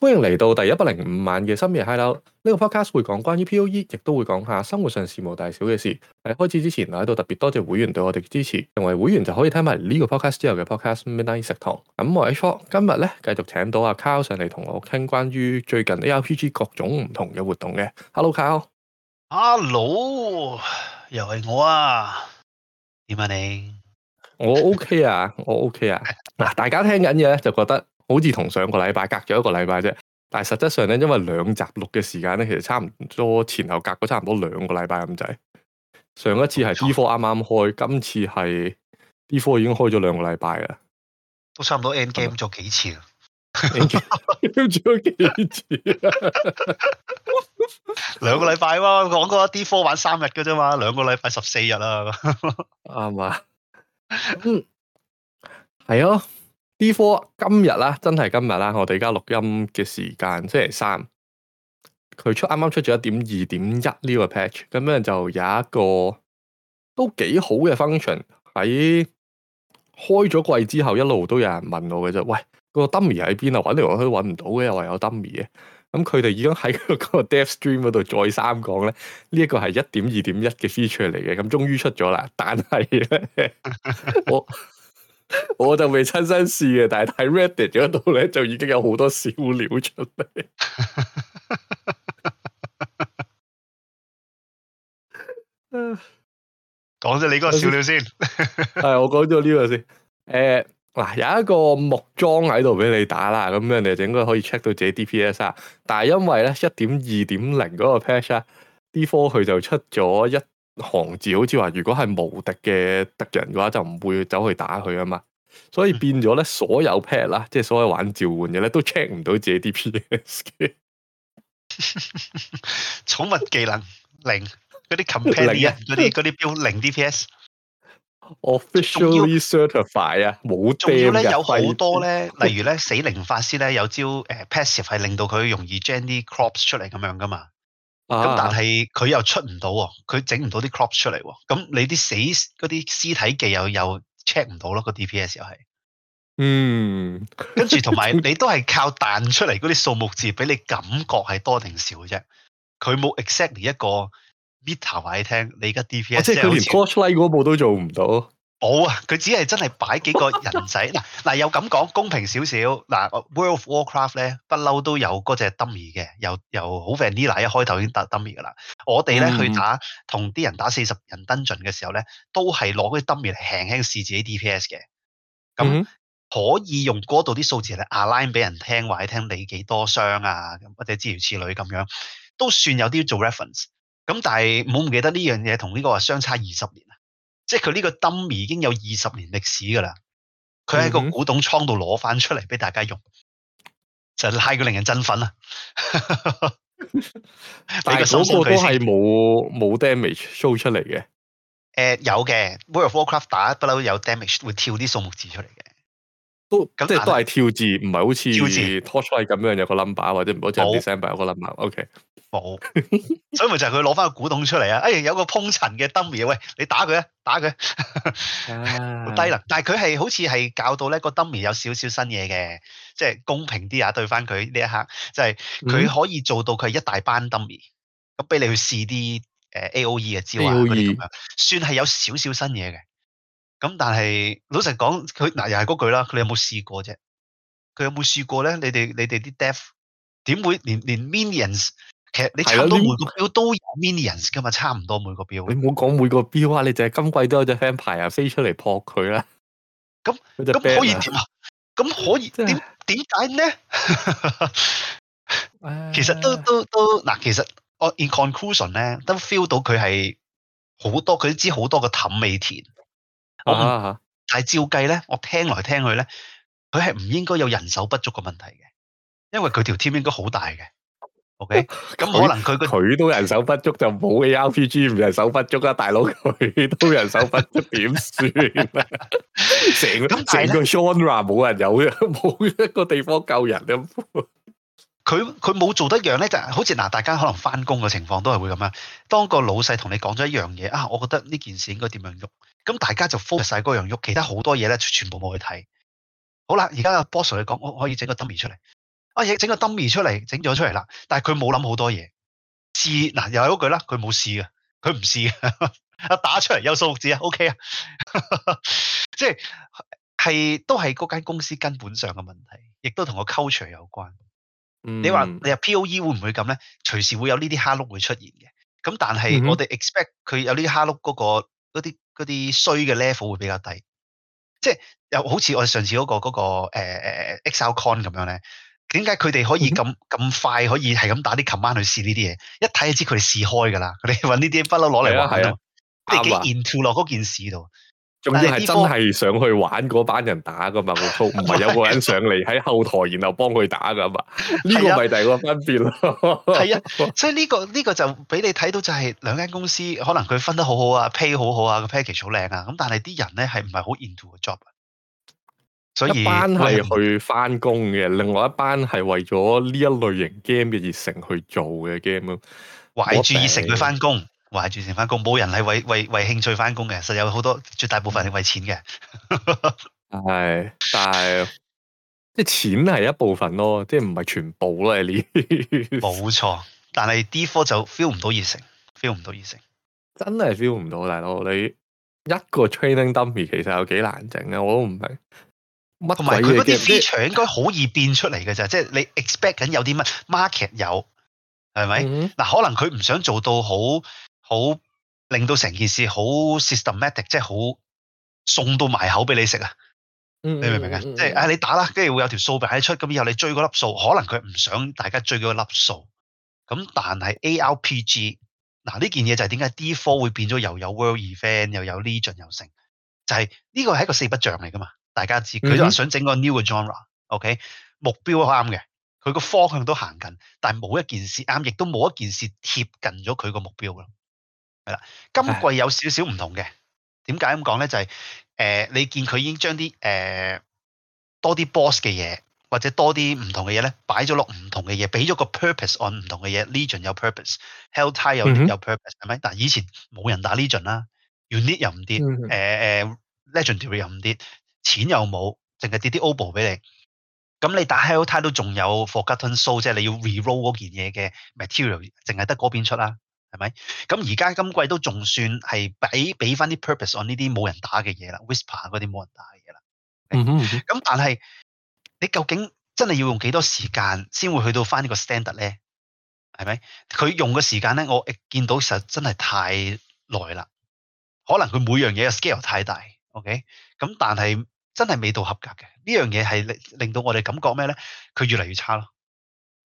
歡迎嚟到第一百零五晚嘅深夜 Hideout 呢個 podcast 會講關於 POE，亦都會講下生活上事無大小嘅事。喺開始之前，我喺度特別多謝會員對我哋嘅支持，成為會員就可以聽埋呢個 podcast 之後嘅 podcast Midnight 食堂。咁、嗯、我哋今日咧繼續請到阿 Carl 上嚟同我傾關於最近 ARPG 各種唔同嘅活動嘅。Hello，Carl。Hello，Carl、Hello 又係我啊？點啊你？我 OK 啊，我 OK 啊。嗱， 大家在聽緊嘅咧就覺得。好似同上個禮拜隔咗一個禮拜啫，但係實質上咧，因為兩集錄嘅時間咧，其實差唔多前後隔咗差唔多兩個禮拜咁滯。上一次係 D 科啱啱開，錯今次係 D 科已經開咗兩個禮拜啦，都差唔多 end game 咗幾次啊 ！end game 咗幾次啊？兩 個禮拜嘛，講過 D 科玩三日嘅啫嘛，兩個禮拜十四日啊嘛， 嗯，係咯、哦。D4 今日啦，真係今日啦，我哋而家錄音嘅時間星期三，佢出啱啱出咗一點二點一呢個 patch，咁樣就有一個都幾好嘅 function 喺開咗季之後一路都有人問我嘅啫。喂，個 dummy 喺邊啊？搵嚟搵去搵唔到嘅，又話有 dummy 嘅，咁佢哋已經喺個 dev stream 嗰度再三講咧，呢、這、一個係一點二點一嘅 feature 嚟嘅，咁終於出咗啦，但係我。 我就未親身試嘅，但係睇 Reddit 嗰度咧，就已經有好多笑料出嚟，講咗你嗰個笑料先， 係我講咗呢個先。誒，嗱，有一個木樁喺度俾你打啦，咁樣你整應該可以 check 到自己 DPS 啊。但係因為咧一點二點零嗰個 patch 啊，D4 佢就出咗一行字好似話，如果係無敵嘅敵人嘅話，就唔會走去打佢啊嘛。所以變咗咧，所有 p a d 啦，即係所有玩召喚嘅咧，都 check 唔到自己 DPS 嘅。寵物技能 零，嗰啲 company，嗰啲嗰啲標零 DPS。Officially c e r t i f y 啊，冇。仲 要咧，要有好多咧， 例如咧，死靈法師咧，有招誒、呃、passive 係令到佢容易將啲 crops 出嚟咁樣噶嘛。咁、啊、但係佢又出唔到喎，佢整唔到啲 crops 出嚟喎，咁你啲死嗰啲屍體技又又 check 唔到咯，個 DPS 又係，嗯，跟住同埋你都係靠彈出嚟嗰啲數目字俾你感覺係多定少啫，佢冇 exactly 一個 meter 話你聽，你而家 DPS，即係佢連 cosine 嗰步都做唔到。冇啊，佢、哦、只係真係擺幾個人仔嗱嗱， 又咁講公平少少嗱，World of Warcraft 咧不嬲都有嗰隻 dummy 嘅，又又好 Vanilla 一開頭已經打 dummy 噶啦，我哋咧、嗯、去打同啲人打四十人 dungeon 嘅時候咧，都係攞嗰啲 dummy 嚟輕輕試自己 DPS 嘅，咁、嗯、可以用嗰度啲數字嚟 align 俾人聽或者聽你幾多傷啊，或者諸如此類咁樣，都算有啲做 reference，咁但係唔好唔記得呢樣嘢同呢個、這個、相差二十年。即係佢呢個燈已經有二十年歷史㗎啦，佢喺個古董倉度攞翻出嚟俾大家用，嗯嗯就係拉佢令人震憤啦。你 個首個都係冇冇 damage show 出嚟嘅。誒、呃、有嘅，World of War c r a f t 打不嬲有 damage 會跳啲松目字出嚟嘅。都那即係都係跳字，唔係好似 touch 牌咁樣有個 number，或者唔好即係 d i s c a r 有個 number。好 OK。冇， 所以咪就係佢攞翻個古董出嚟啊！哎，有個鋪塵嘅 dummy，喂，你打佢啊，打佢，好低能。但係佢係好似係教到咧個 dummy 有少少新嘢嘅，即係公平啲啊，對翻佢呢一刻，即係佢可以做到佢一大班 dummy 咁俾你去試啲誒 A O E 嘅招啊，嗰啲咁樣，算係有少少新嘢嘅。咁但係老實講，佢嗱又係嗰句啦，佢有冇試過啫？佢有冇試過咧？你哋你哋啲 death 點會連連，連 minions？其實你炒到每個標都有 minions 噶嘛，差唔多每個標。你唔好講每個標啊，你就係今季都有隻 hand 牌啊飛出嚟撲佢啦。咁咁那可以點啊？咁可以點？點解真是 何呢？ 其實都、啊、都都嗱，其實我 in conclusion 咧都 feel 到佢係好多，佢都知好多個氹未填。哦。但係照計咧，我聽來聽去咧，佢係唔應該有人手不足嘅問題嘅，因為佢條 team 應該好大嘅。O K，咁可能佢佢都人手不足就冇 ARPG，唔人手不足啊！大佬佢都人手不足點算啊？成個成個 genre 冇人有嘅，冇一個地方救人咁。佢佢冇做得樣咧，就好似嗱，大家可能翻工嘅情況都係會咁啊。當個老細同你講咗一樣嘢啊，我覺得呢件事應該點樣喐？咁大家就 focus 晒嗰樣喐，其他好多嘢咧全部冇去睇。好啦，而家阿 Boss 去講，我可以整個 dummy 出嚟。整個 d u 出嚟，整咗出嚟啦，但係佢冇諗好多嘢。試嗱又係嗰句啦，佢冇試嘅，佢唔試啊！打出嚟有數字啊，OK 啊， 即係係都係嗰間公司根本上嘅問題，亦都同個 c 除有關。嗯、你話你話 POE 會唔會咁咧？隨時會有呢啲蝦碌會出現嘅。咁但係我哋 expect 佢有呢啲蝦碌嗰個嗰啲嗰啲衰嘅 level 會比較低，即係又好似我上次嗰、那個嗰、那個 Excel、呃呃、Con 咁樣咧。點解佢哋可以咁咁、嗯、快可以係咁打啲琴晚去試呢啲嘢？一睇就知佢哋試開噶啦。佢哋揾呢啲不嬲攞嚟玩喺度。幾 into 落嗰件事度？仲、啊、要係真係上去玩嗰班人打噶嘛？唔係有個人上嚟喺後台，然後幫佢打噶嘛？呢個咪第二個分別咯、啊。係 啊，所以呢、呢個呢、呢個就俾你睇到就係兩間公司，可能佢分得好好啊，pay 好好啊，個 package 好靚啊。咁、啊、但係啲人咧係唔係好 into 個 job。所以一班係去翻工嘅，是另外一班係為咗呢一類型 game 嘅熱誠去做嘅 game 咯。懷住熱誠去翻工，懷住熱誠翻工，冇人係為為為興趣翻工嘅。實有好多絕大部分係為錢嘅。係， 但係即係錢係一部分咯，即係唔係全部咯。係呢？冇錯，但係 D 科就 feel 唔到熱誠，feel 唔到熱誠，真係 feel 唔到，大佬你一個 training dummy 其實有幾難整咧，我都唔明。同埋佢嗰啲 feature 應該好易變出嚟嘅啫，即係你 expect 緊有啲乜 market 有，係咪？嗱、嗯啊，可能佢唔想做到好好令到成件事好 systematic，即係好送到埋口俾你食啊？你明唔明啊？即係你打啦，跟住會有條數俾、啊、你出，咁以後你追嗰粒數，可能佢唔想大家追嗰粒數。咁但係 ARPG 嗱、啊、呢件嘢就係點解 D4 會變咗又有 World Event 又有 Legion 又成，就係呢個係一個四不像嚟噶嘛。大家知佢就係想整個 new 嘅 genre，OK？Okay? 目標都啱嘅，佢個方向都行緊，但係冇一件事啱，亦都冇一件事貼近咗佢個目標咯。係啦，今季有少少唔同嘅，點解咁講咧？就係、是呃、你見佢已經將啲、呃、多啲 boss 嘅嘢，或者多啲唔同嘅嘢咧，擺咗落唔同嘅嘢，俾咗個 purpose on 唔同嘅嘢。Legion 有 purpose，Helltide 有有 purpose，係咪、嗯哼？但以前冇人打 Legion 啦，Unique 又唔跌，誒、嗯哼呃、Legendary 又唔跌。錢又冇，淨係跌啲 OBO 俾你，咁你打 Hell 塔都仲有 Forgotten s o 即係你要 re-roll 嗰件嘢嘅 material，淨係得嗰邊出啦，係咪？咁而家今季都仲算係俾俾翻啲 purpose on 呢啲冇人打嘅嘢啦，Whisper 嗰啲冇人打嘅嘢啦。咁、mm hmm. 但係你究竟真係要用幾多時間先會去到翻呢個 standard 咧？係咪？佢用嘅時間咧，我見到實真係太耐啦，可能佢每樣嘢嘅 scale 太大。OK，咁但係真係未到合格嘅呢樣嘢，係令令到我哋感覺咩咧？佢越嚟越差咯，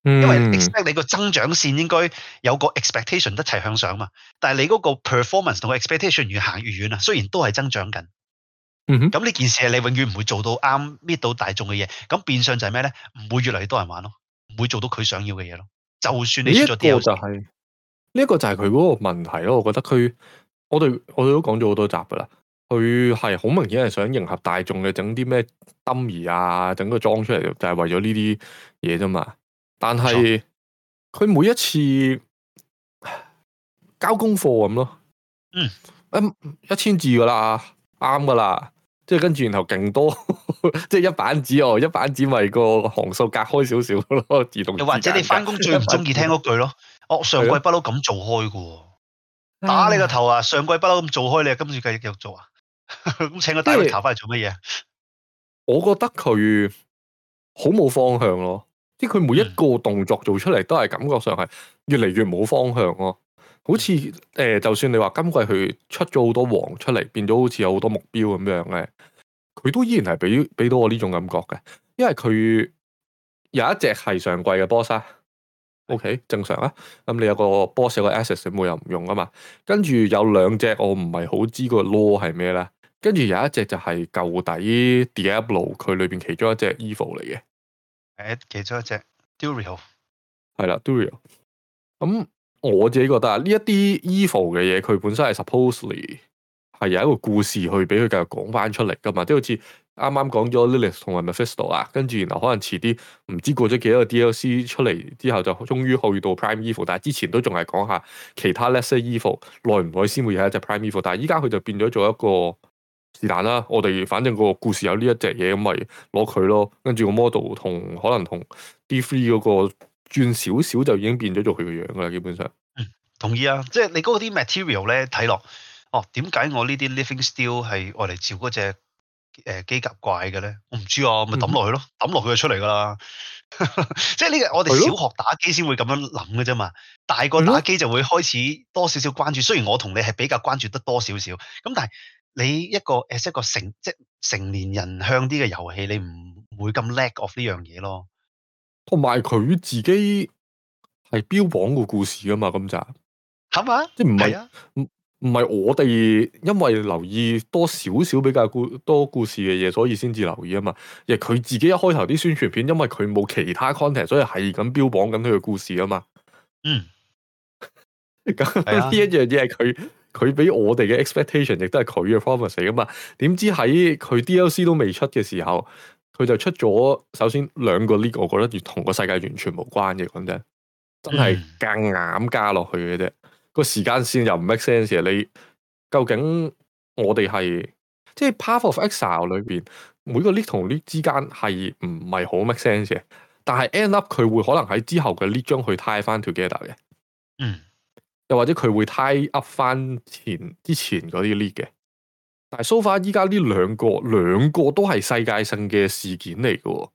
嗯、因為 expect 你個增長線應該有個 expectation 一齊向上嘛，但係你嗰個 performance 同 expectation 越行越遠啊，雖然都係增長緊，嗯哼、咁呢件事係你永遠唔會做到啱搣到大眾嘅嘢，咁變相就係咩咧？唔會越嚟越多人玩咯，唔會做到佢想要嘅嘢咯。就算你出咗啲，呢一個就係呢一個就係佢嗰個問題咯。我覺得佢我哋我哋都講咗好多集噶啦。佢係好明顯係想迎合大眾嘅，整啲咩燈儀啊，整個裝出嚟就係、是、為咗呢啲嘢啫嘛。但係佢每一次交功課咁咯，嗯，一、哎、一千字噶啦，啱噶啦，即係跟住然後勁多，即係一板紙哦，一板紙咪個行數隔開少少咯，自動又或者你返工最唔中意聽嗰句咯，我 的、哦、上季不嬲咁做開嘅，打你個頭啊！嗯、上季不嬲咁做開，你今次繼續做啊？咁 請個戴立考翻嚟做乜嘢？我覺得佢好冇方向咯，即係佢每一個動作做出嚟都係感覺上係越嚟越冇方向咯。好似誒、呃，就算你話今季佢出咗好多王出嚟，變咗好似有好多目標咁樣咧，佢都依然係俾俾到我呢種感覺嘅。因為佢有一隻係上季嘅波沙，OK 正常啊。咁你有個波有個 access 你冇又唔用㗎嘛？跟住有兩隻我唔係好知個 law 係咩咧？跟住有一隻就係舊底 Diablo 佢裏邊其中一隻 Evil 嚟嘅，誒其中一隻 Duriel 係啦 Duriel。咁、嗯、我自己覺得呢一啲 Evil 嘅嘢，佢、e、本身係 supposedly 係有一個故事去俾佢繼續講翻出嚟噶嘛，即、就、係、是、好似啱啱講咗 Lilith 同埋 Mephisto 啊，跟住然後可能遲啲唔知過咗幾多個 DLC 出嚟之後，就終於去到 Prime Evil，但係之前都仲係講下其他 lesser Evil，r e 耐唔耐先會有一隻 Prime Evil，但係依家佢就變咗做一個。是但啦，我哋反正個故事有呢一隻嘢，咁咪攞佢咯。跟住個 model 同可能同 D three 嗰個轉少少就已經變咗做佢嘅樣噶啦。基本上、嗯，同意啊，即係你嗰啲 material 咧睇落，哦，點解我呢啲 living steel 係愛嚟照嗰隻誒機甲怪嘅咧？我唔知啊，咪抌落去咯，抌落、嗯、就出嚟噶啦。 即係呢、這個我哋小學打機先會咁樣諗嘅啫嘛，的大個打機就會開始多少少關注。嗯、雖然我同你係比較關注得多少少，咁但係。你一個，誒，即個成即係成年人向啲嘅遊戲，你唔會咁叻 off 呢樣嘢咯。同埋佢自己係標榜個故事啊嘛，咁就係嘛，即係唔係唔唔係我哋因為留意多少少比較故多故事嘅嘢，所以先至留意啊嘛。亦佢自己一開頭啲宣傳片，因為佢冇其他 content，所以係咁標榜緊佢嘅故事啊嘛。嗯，咁呢一樣嘢係佢。佢俾我哋嘅 expectation 亦都係佢嘅 promise 噶嘛？點知喺佢 DLC 都未出嘅時候，佢就出咗首先兩個 lift，我覺得同個世界完全無關嘅，講真，真係夾硬加落去嘅啫。個、嗯、時間線又唔 make sense 嘅，你究竟我哋係即係 Path of Exile 裏邊每個 lift 同 lift 之間係唔係好 make sense 嘅？但係 end up 佢會可能喺之後嘅 lift 將佢 tie 翻 together 嘅。嗯。又或者佢會 tie up 翻前之前嗰啲 lead 嘅，但係 so far 依家呢兩個兩個都係世界性嘅事件嚟嘅、哦，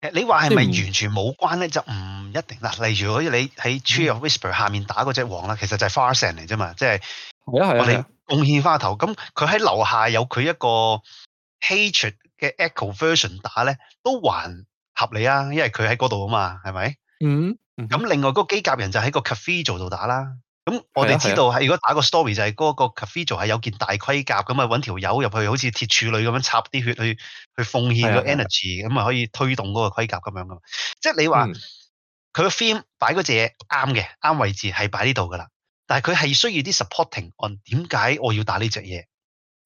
誒你話係咪完全冇關咧？不就唔一定啦。例如好似你喺 tree of whisper 下面打嗰隻王啦，嗯、其實就係 Varshan 嚟啫嘛，即係、嗯、我哋貢獻花頭。咁佢喺樓下有佢一個 hatred 嘅 echo version 打咧，都還合理啊，因為佢喺嗰度啊嘛，係咪、嗯？嗯，咁另外嗰個機甲人就喺個 cafe 做度打啦。咁、嗯啊、我哋知道係、啊啊、如果打個 story 就係、是、嗰、那個 cafe 係有件大盔甲咁啊，揾條友入去好似鐵柱女咁樣插啲血去去奉獻個 energy，咁啊可以、啊、推動嗰個盔甲咁樣噶。即係你話佢個 film 擺嗰隻嘢啱嘅，啱位置係擺呢度噶啦。但係佢係需要啲 supporting on 點解我要打呢隻嘢？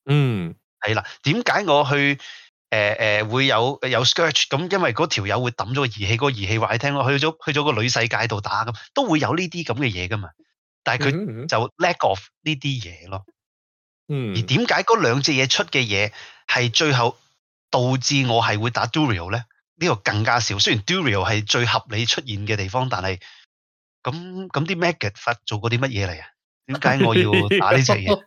嗯，係啦。點解我去誒誒、呃呃、會有、呃、會有 scratch 咁？因為嗰條友會抌咗、那個儀器，個儀器話你聽我去咗去咗個女世界度打咁，都會有呢啲咁嘅嘢噶嘛。但係佢就 lack of 呢啲嘢咯，嗯，而點解嗰兩隻嘢出嘅嘢係最後導致我係會打 Duriel 呢？咧？呢個更加少。雖然 Duriel 係最合理出現嘅地方，但係咁咁啲 Maggot 發做過啲乜嘢嚟啊？點解我要打呢隻嘢？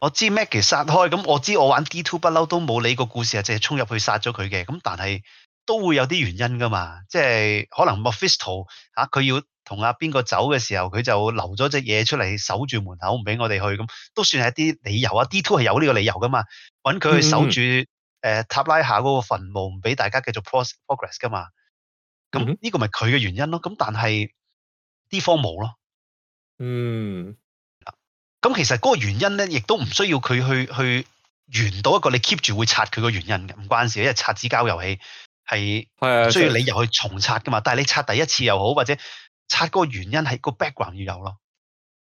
我知 Maggot 殺開，咁我知我玩 D2 不嬲都冇理個故事啊，淨係衝入去殺咗佢嘅。咁但係都會有啲原因噶嘛，即係可能 Mephisto 吓佢要。同阿邊個走嘅時候，佢就留咗隻嘢出嚟守住門口，唔俾我哋去，咁，都算係一啲理由啊。d Two 係有呢個理由噶嘛，揾佢去守住誒、嗯呃、塔拉下嗰個墳墓，唔俾大家繼續 progress progress 噶嘛。咁呢、嗯、個咪佢嘅原因咯。咁但係 D 方冇咯。嗯。嗱，咁其實嗰個原因咧，亦都唔需要佢去去圓到一個你 keep 住會拆佢嘅原因嘅，唔關事的，因為拆紙膠遊戲係需要理由去重拆噶嘛。是是但係你拆第一次又好，或者～拆嗰個原因係個 background 要有咯，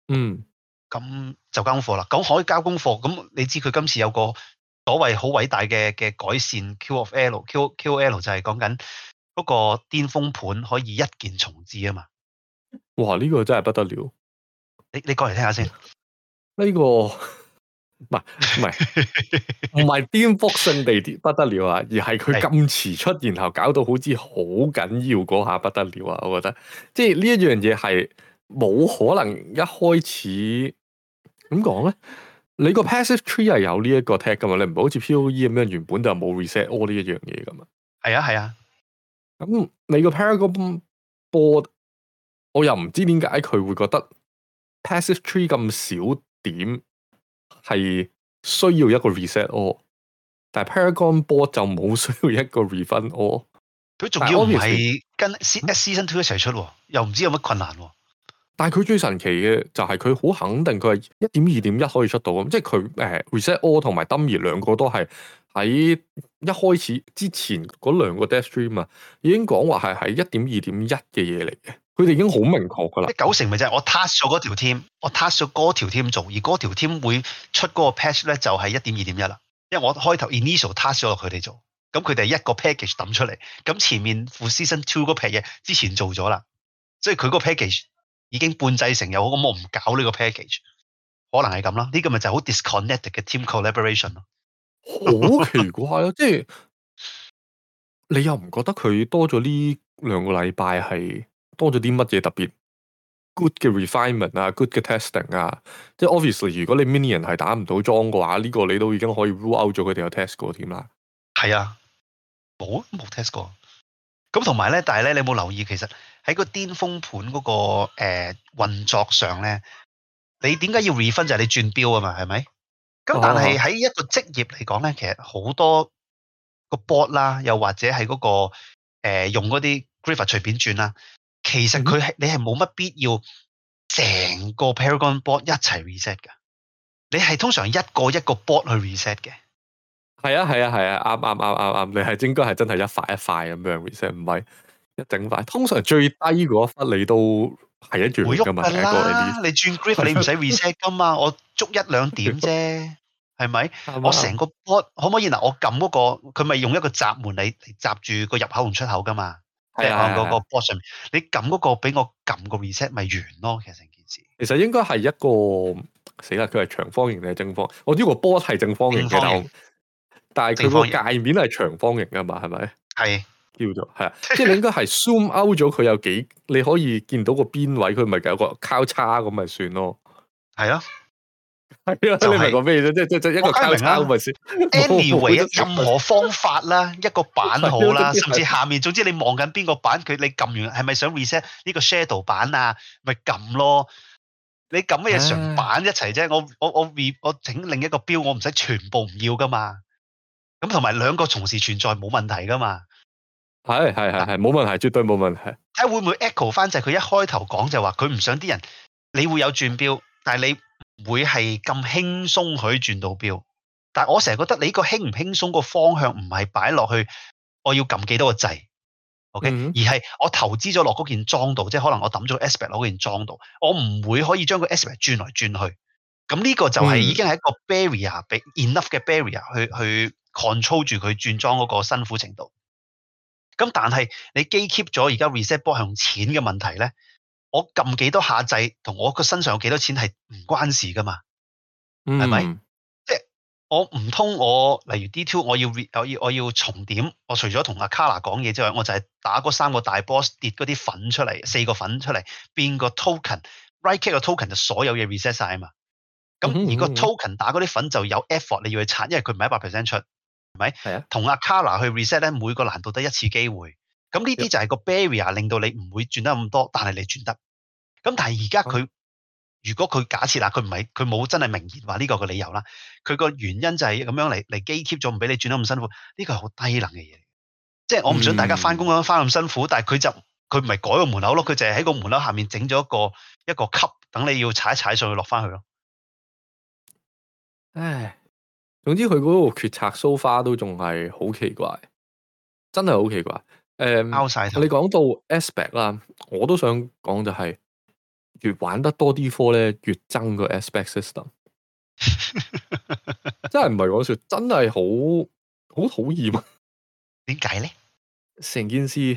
嗯，咁就交功課啦。咁可以交功課，咁你知佢今次有個所謂好偉大嘅嘅改善 Q of L，Q Q, Q of L 就係講緊嗰個巔峰盤可以一鍵重置啊嘛。哇！呢、這個真係不得了，你你過嚟聽下先。呢、這個。唔係唔係唔係顛覆性地不得了啊！而係佢咁遲出，然後搞到好似好緊要嗰下不得了啊！我覺得即係呢一樣嘢係冇可能一開始點講咧。你 pass 個 passive tree 係有呢一個 tag 噶嘛？你唔係好似 POE 咁樣原本就冇 reset all 呢一樣嘢噶嘛？係啊係啊。咁、啊、你個 paragon board 我又唔知點解佢會覺得 passive tree 咁少點？係需要一個 reset all，但係 Paragon Board 就冇需要一個 refund all。佢仲要唔係跟 Season 2一齊出，又唔知有乜困難。但係佢最神奇嘅就係佢好肯定佢係一點二點一可以出到咁，即係佢誒 reset all 同埋登二兩個都係喺一開始之前嗰兩個 death stream 啊，已經講話係喺一點二點一嘅嘢嚟嘅。佢哋已經好明確噶啦，即九成咪就係我 task 咗嗰條 team，我 task 咗嗰條 team 做，而嗰條 team 會出嗰個 patch 咧，就係一點二點一啦。因為我開頭 initial task 咗佢哋做，咁佢哋一個 package 抌出嚟，咁前面 for season two 嗰批嘢之前做咗啦，所以佢個 package 已經半製成有，又好咁我唔搞呢個 package，可能係咁啦。呢個咪就好 disconnect 嘅 team collaboration 咯，好奇怪咯， 即係你又唔覺得佢多咗呢兩個禮拜係？多咗啲乜嘢特別 good 嘅 refinement 啊，good 嘅 testing 啊，即係 obviously 如果你 minion 係打唔到樁嘅話，呢、這個你都已經可以 rule out 咗佢哋有 test 過添啦。係啊，冇冇 test 過。咁同埋咧，但係咧，你有冇留意其實喺個巔峰盤嗰、那個誒、呃、運作上咧，你點解要 refine 就係你轉標啊嘛，係咪？咁但係喺一個職業嚟講咧，啊、其實好多個 board 啦，又或者係嗰、那個、呃、用嗰啲 g r i f e r 隨便轉啦。其實佢係你係冇乜必要成個 Paragon board 一齊 reset 㗎，你係通常一個一個 board 去 reset 嘅。係啊係啊係啊，啱啱啱啱啱，你係應該係真係一塊一塊咁樣 reset，唔係一整塊。通常最低嗰忽你都係一轉唔會喐噶嘛。你轉 Grip 你唔使 reset 噶嘛，我捉一兩點啫，係咪吧？我成個 board 可唔可以嗱？我撳嗰個佢咪用一個閘門嚟嚟閘住個入口同出口㗎嘛？係啊，嗰個波上面，你撳嗰個，個，俾我撳個 reset 咪完咯。其實成件事，其實應該係一個死啦，佢係長方形定係正方形。我呢個波 o 係正方形嘅，但係但係佢個界面係長方形噶嘛，係咪？係叫做係啊， 即係你應該係 zoom out 咗，佢有幾你可以見到個邊位，佢咪有個交叉咁咪算咯。係咯、啊。係，就係、你明講咩啫？即係即係一個卡明啦，anyway，、啊、任何方法啦， 一個版好啦， 甚至下面， 總之你望緊邊個版，佢，你撳完係咪想 reset 呢個 shadow 版啊？咪撳咯。你撳乜嘢上版一齊啫？ 我我我我整另一個標，我唔使全部唔要噶嘛。咁同埋兩個同時存在冇問題噶嘛。係係係係冇問題，絕對冇問題。睇下會唔會 echo 翻，就係佢一開頭講就話佢唔想啲人，你會有轉標，但係你。會係咁輕鬆佢轉到標，但我成日覺得你個輕唔輕鬆個方向唔係擺落去，我要撳幾多個掣，OK，而係我投資咗落嗰件裝度，即係可能我抌咗 aspect 落嗰件裝度，我唔會可以將個 aspect 轉來轉去，咁呢個就係已經係一個 barrier，俾 enough 嘅 barrier 去去 control 住佢轉裝嗰個辛苦程度。咁但係你記 keep 咗而家 reset 波係用錢嘅問題咧？我撳幾多下掣，同我個身上有幾多錢係唔關事噶嘛？係咪、嗯？即係我唔通我例如 D2，我要我要我要重點。我除咗同阿 Akara 講嘢之外，我就係打嗰三個大 boss 跌嗰啲粉出嚟，四個粉出嚟變個 token，right click 個 token 就所有嘢 reset 曬啊嘛。咁、嗯嗯、而個 token 打嗰啲粉就有 effort，你要去刷，因為佢唔係一百 percent 出，係咪？是啊。同阿 Akara 去 reset 咧，每個難度得一次機會。咁呢啲就係個 barrier，令到你唔會轉得咁多，但係你轉得。咁但係而家佢如果佢假設啦，佢唔係佢冇真係明言話呢個嘅理由啦，佢個原因就係咁樣嚟嚟 Gate keep 咗，唔俾你轉得咁辛苦，呢個係好低能嘅嘢，即係我唔想大家翻工咁翻咁辛苦，嗯、但係佢就佢唔係改個門口咯，佢就係喺個門口下面整咗一個一個級，等你要踩一踩上去落翻去咯。唉，總之佢嗰個決策 so far 都仲係好奇怪，真係好奇怪。誒、um, 面，你講到 aspect 啦，我都想講就係、是。越玩得多啲科咧，越憎個 aspect system， 真係唔係講笑，真係好好討厭。點解咧？成件事，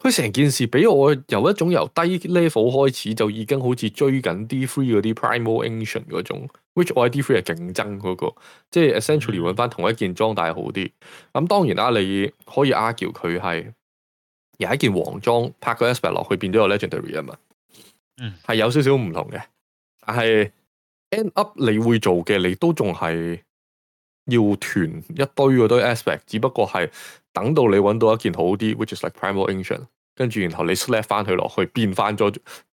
佢成件事俾我由一種由低 level 開始就已經好似追緊 D three 嗰啲 primal ancient 嗰種 ，which I D three 係競爭嗰個，即、就、係、是、essentially 揾翻同一件裝戴好啲。咁、嗯、當然啦，你可以 argue 佢係有一件黃裝拍個 aspect 落去變咗個 legendary 啊嘛。嗯，係有少少唔同嘅，但係 end up 你會做嘅，你都仲係要囤一堆嗰堆 aspect，只不過係等到你揾到一件好啲，which is like primal ancient，跟住然後你 slap 翻佢落去，變翻咗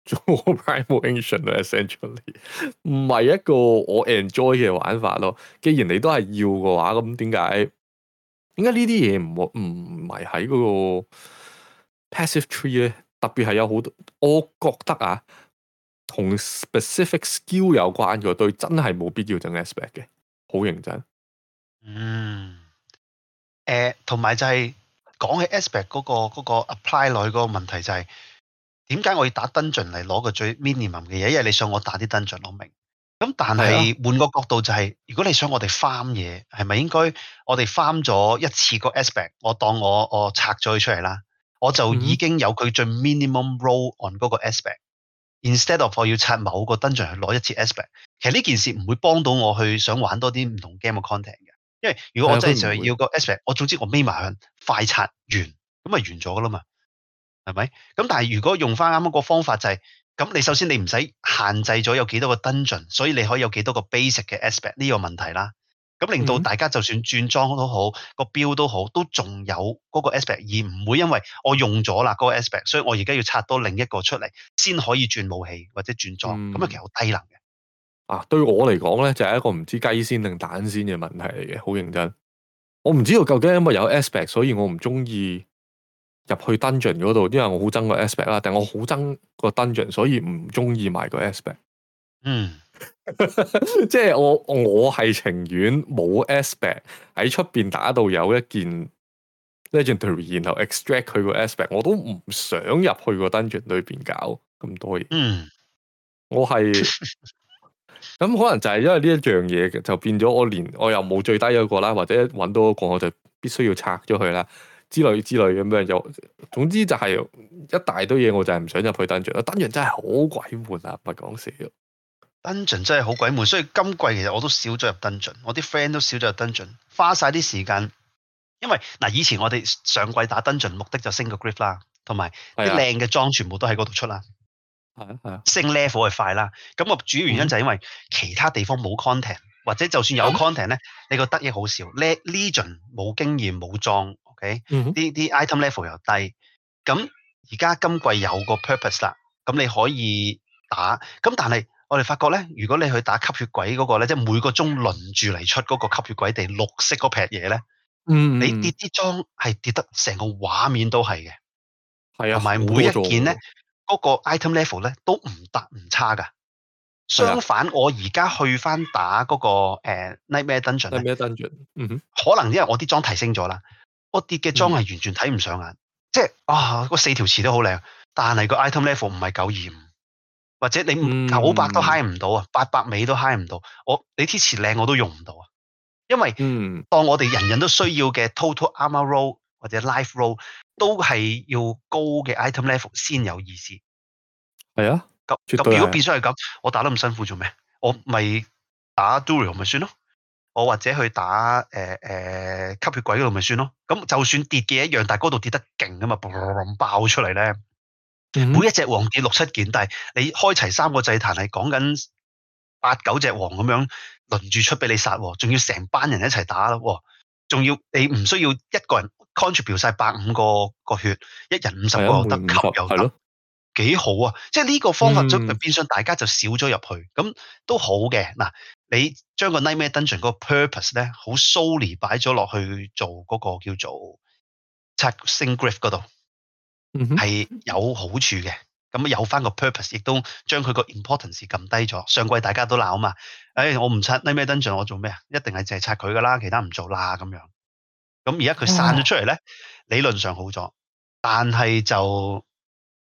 做 primal ancient 咧，essentially，唔係一個我 enjoy 嘅玩法咯。既然你都係要嘅話，咁點解點解呢啲嘢唔唔係喺嗰個 passive tree 咧？特別係有好多，我覺得啊，同 specific skill 有關嘅，對真係冇必要整 aspect 嘅，好認真。嗯，誒、呃，同埋就係、是、講起 aspect 嗰、那個、那個 apply 來嗰個問題就係、是，點解我要打 dungeon 嚟攞個最 minimum 嘅嘢？因為你想我打啲 dungeon 攞命。咁但係換、啊、個角度就係、是，如果你想我哋 farm 嘢，係咪應該我哋 farm 咗一次個 aspect，我當我我拆咗佢出嚟啦。我就已經有佢最 minimum roll on 嗰個 aspect，instead、嗯、of 我要刷某個 dungeon 去攞一次 aspect，其實呢件事唔會幫到我去想玩多啲唔同 game 嘅 content 嘅，因為如果我真係就要個 aspect，我總之我眯埋去，快刷完，咁咪完咗噶啦嘛，係咪？咁但係如果用翻啱啱個方法就係、是，咁你首先你唔使限制咗有幾多個 dungeon，所以你可以有幾多個 basic 嘅 aspect 呢個問題啦。咁令到大家就算轉裝都好，個標、嗯、都好，都仲有嗰個 aspect，而唔會因為我用咗啦嗰個 aspect，所以我而家要拆多另一個出嚟，先可以轉武器或者轉裝。咁啊、嗯，其實好低能嘅。啊，對我嚟講咧，就係、是、一個唔知雞先定蛋先嘅問題嚟嘅，好認真。我唔知道究竟因為有 aspect，所以我唔中意入去 dungeon 嗰度，因為我好憎個 aspect 啦，但係我好憎個 dungeon，所以唔中意埋個 aspect。嗯，即係 我我係情願冇 aspect 喺出邊打到有一件 legendary，然後 extract 佢個 aspect，我都唔想入去那個 dungeon 裏邊搞咁多嘢。嗯， 我係咁可能就係因為呢一樣嘢，就變咗我連我又冇最低嗰個啦，或者揾到一個我就必須要拆咗佢啦，之類之類咁樣又，總之就係一大堆嘢，我就係唔想入去 dungeon，dungeon 真係好鬼悶啊，唔係講笑。Dungeon 真係好鬼悶，所以今季其實我都少咗入 Dungeon，我啲 friend 都少咗入 Dungeon，花晒啲時間。因為嗱，以前我哋上季打 Dungeon 目的就升個 glyph 啦，同埋啲靚嘅裝全部都喺嗰度出啦。係啊係啊。升 level 係快啦。咁我主要原因就因為其他地方冇 content，或者就算有 content 咧，你個得，得益好少。嗯、Legion 冇經驗冇裝，OK？啲啲 item level 又低。咁而家今季有個 purpose 啦，咁你可以打。咁但係我哋發覺咧，如果你去打吸血鬼嗰個咧，即係每個鐘輪住嚟出嗰個吸血鬼地綠色嗰批嘢咧，嗯，你跌啲裝係跌得成個畫面都係嘅，係啊，同埋每一件咧，嗰個 item level 咧都唔得唔差噶。相反，啊、我而家去翻打嗰個誒、呃、nightmare dungeon，nightmare dungeon，嗯哼，可能因為我啲裝提升咗啦，我跌嘅裝係完全睇唔上眼，嗯、即係啊，嗰四條詞都好靚，但係個 item level 唔係九二五。或者你九百都 high 唔到啊，八百尾都 high 唔到。我你 T 字靚我都用唔到啊，因為當我哋人人都需要嘅 Total Armor Roll 或者 Life Roll 都係要高嘅 Item Level 先有意思。係啊，咁咁那絕對 如果變咗係咁，啊、我打得咁辛苦做咩？我咪打 Duriel 咪算咯，我或者去打誒誒、呃呃、吸血鬼嗰度咪算咯。咁就算跌嘅一樣，但係嗰度跌得勁啊嘛爆出嚟咧。嗯、每一隻王跌六七件，但係你開齊三個祭壇係講緊八九隻王咁樣輪住出俾你殺喎，仲要成班人一齊打咯喎，仲要你唔需要一個人 contribute 晒百五個個血，一人，個人五十個得及又得，幾的好啊！嗯、即係呢個方法就，變相大家就少咗入去，咁都好嘅。嗱，你將個 Nightmare Dungeon 嗰個 purpose 咧，好 solely 擺咗落去做嗰個叫做拆星 griff 嗰度。係 有好處嘅，咁有翻個 purpose，亦都將佢個 importance 撳低咗。上季大家都鬧啊嘛，誒、哎、我唔拆 Neyme Dungeon，我做咩啊？一定係淨係拆佢噶啦，其他唔做啦咁樣。咁而家佢散咗出嚟咧，啊、理論上好咗，但係就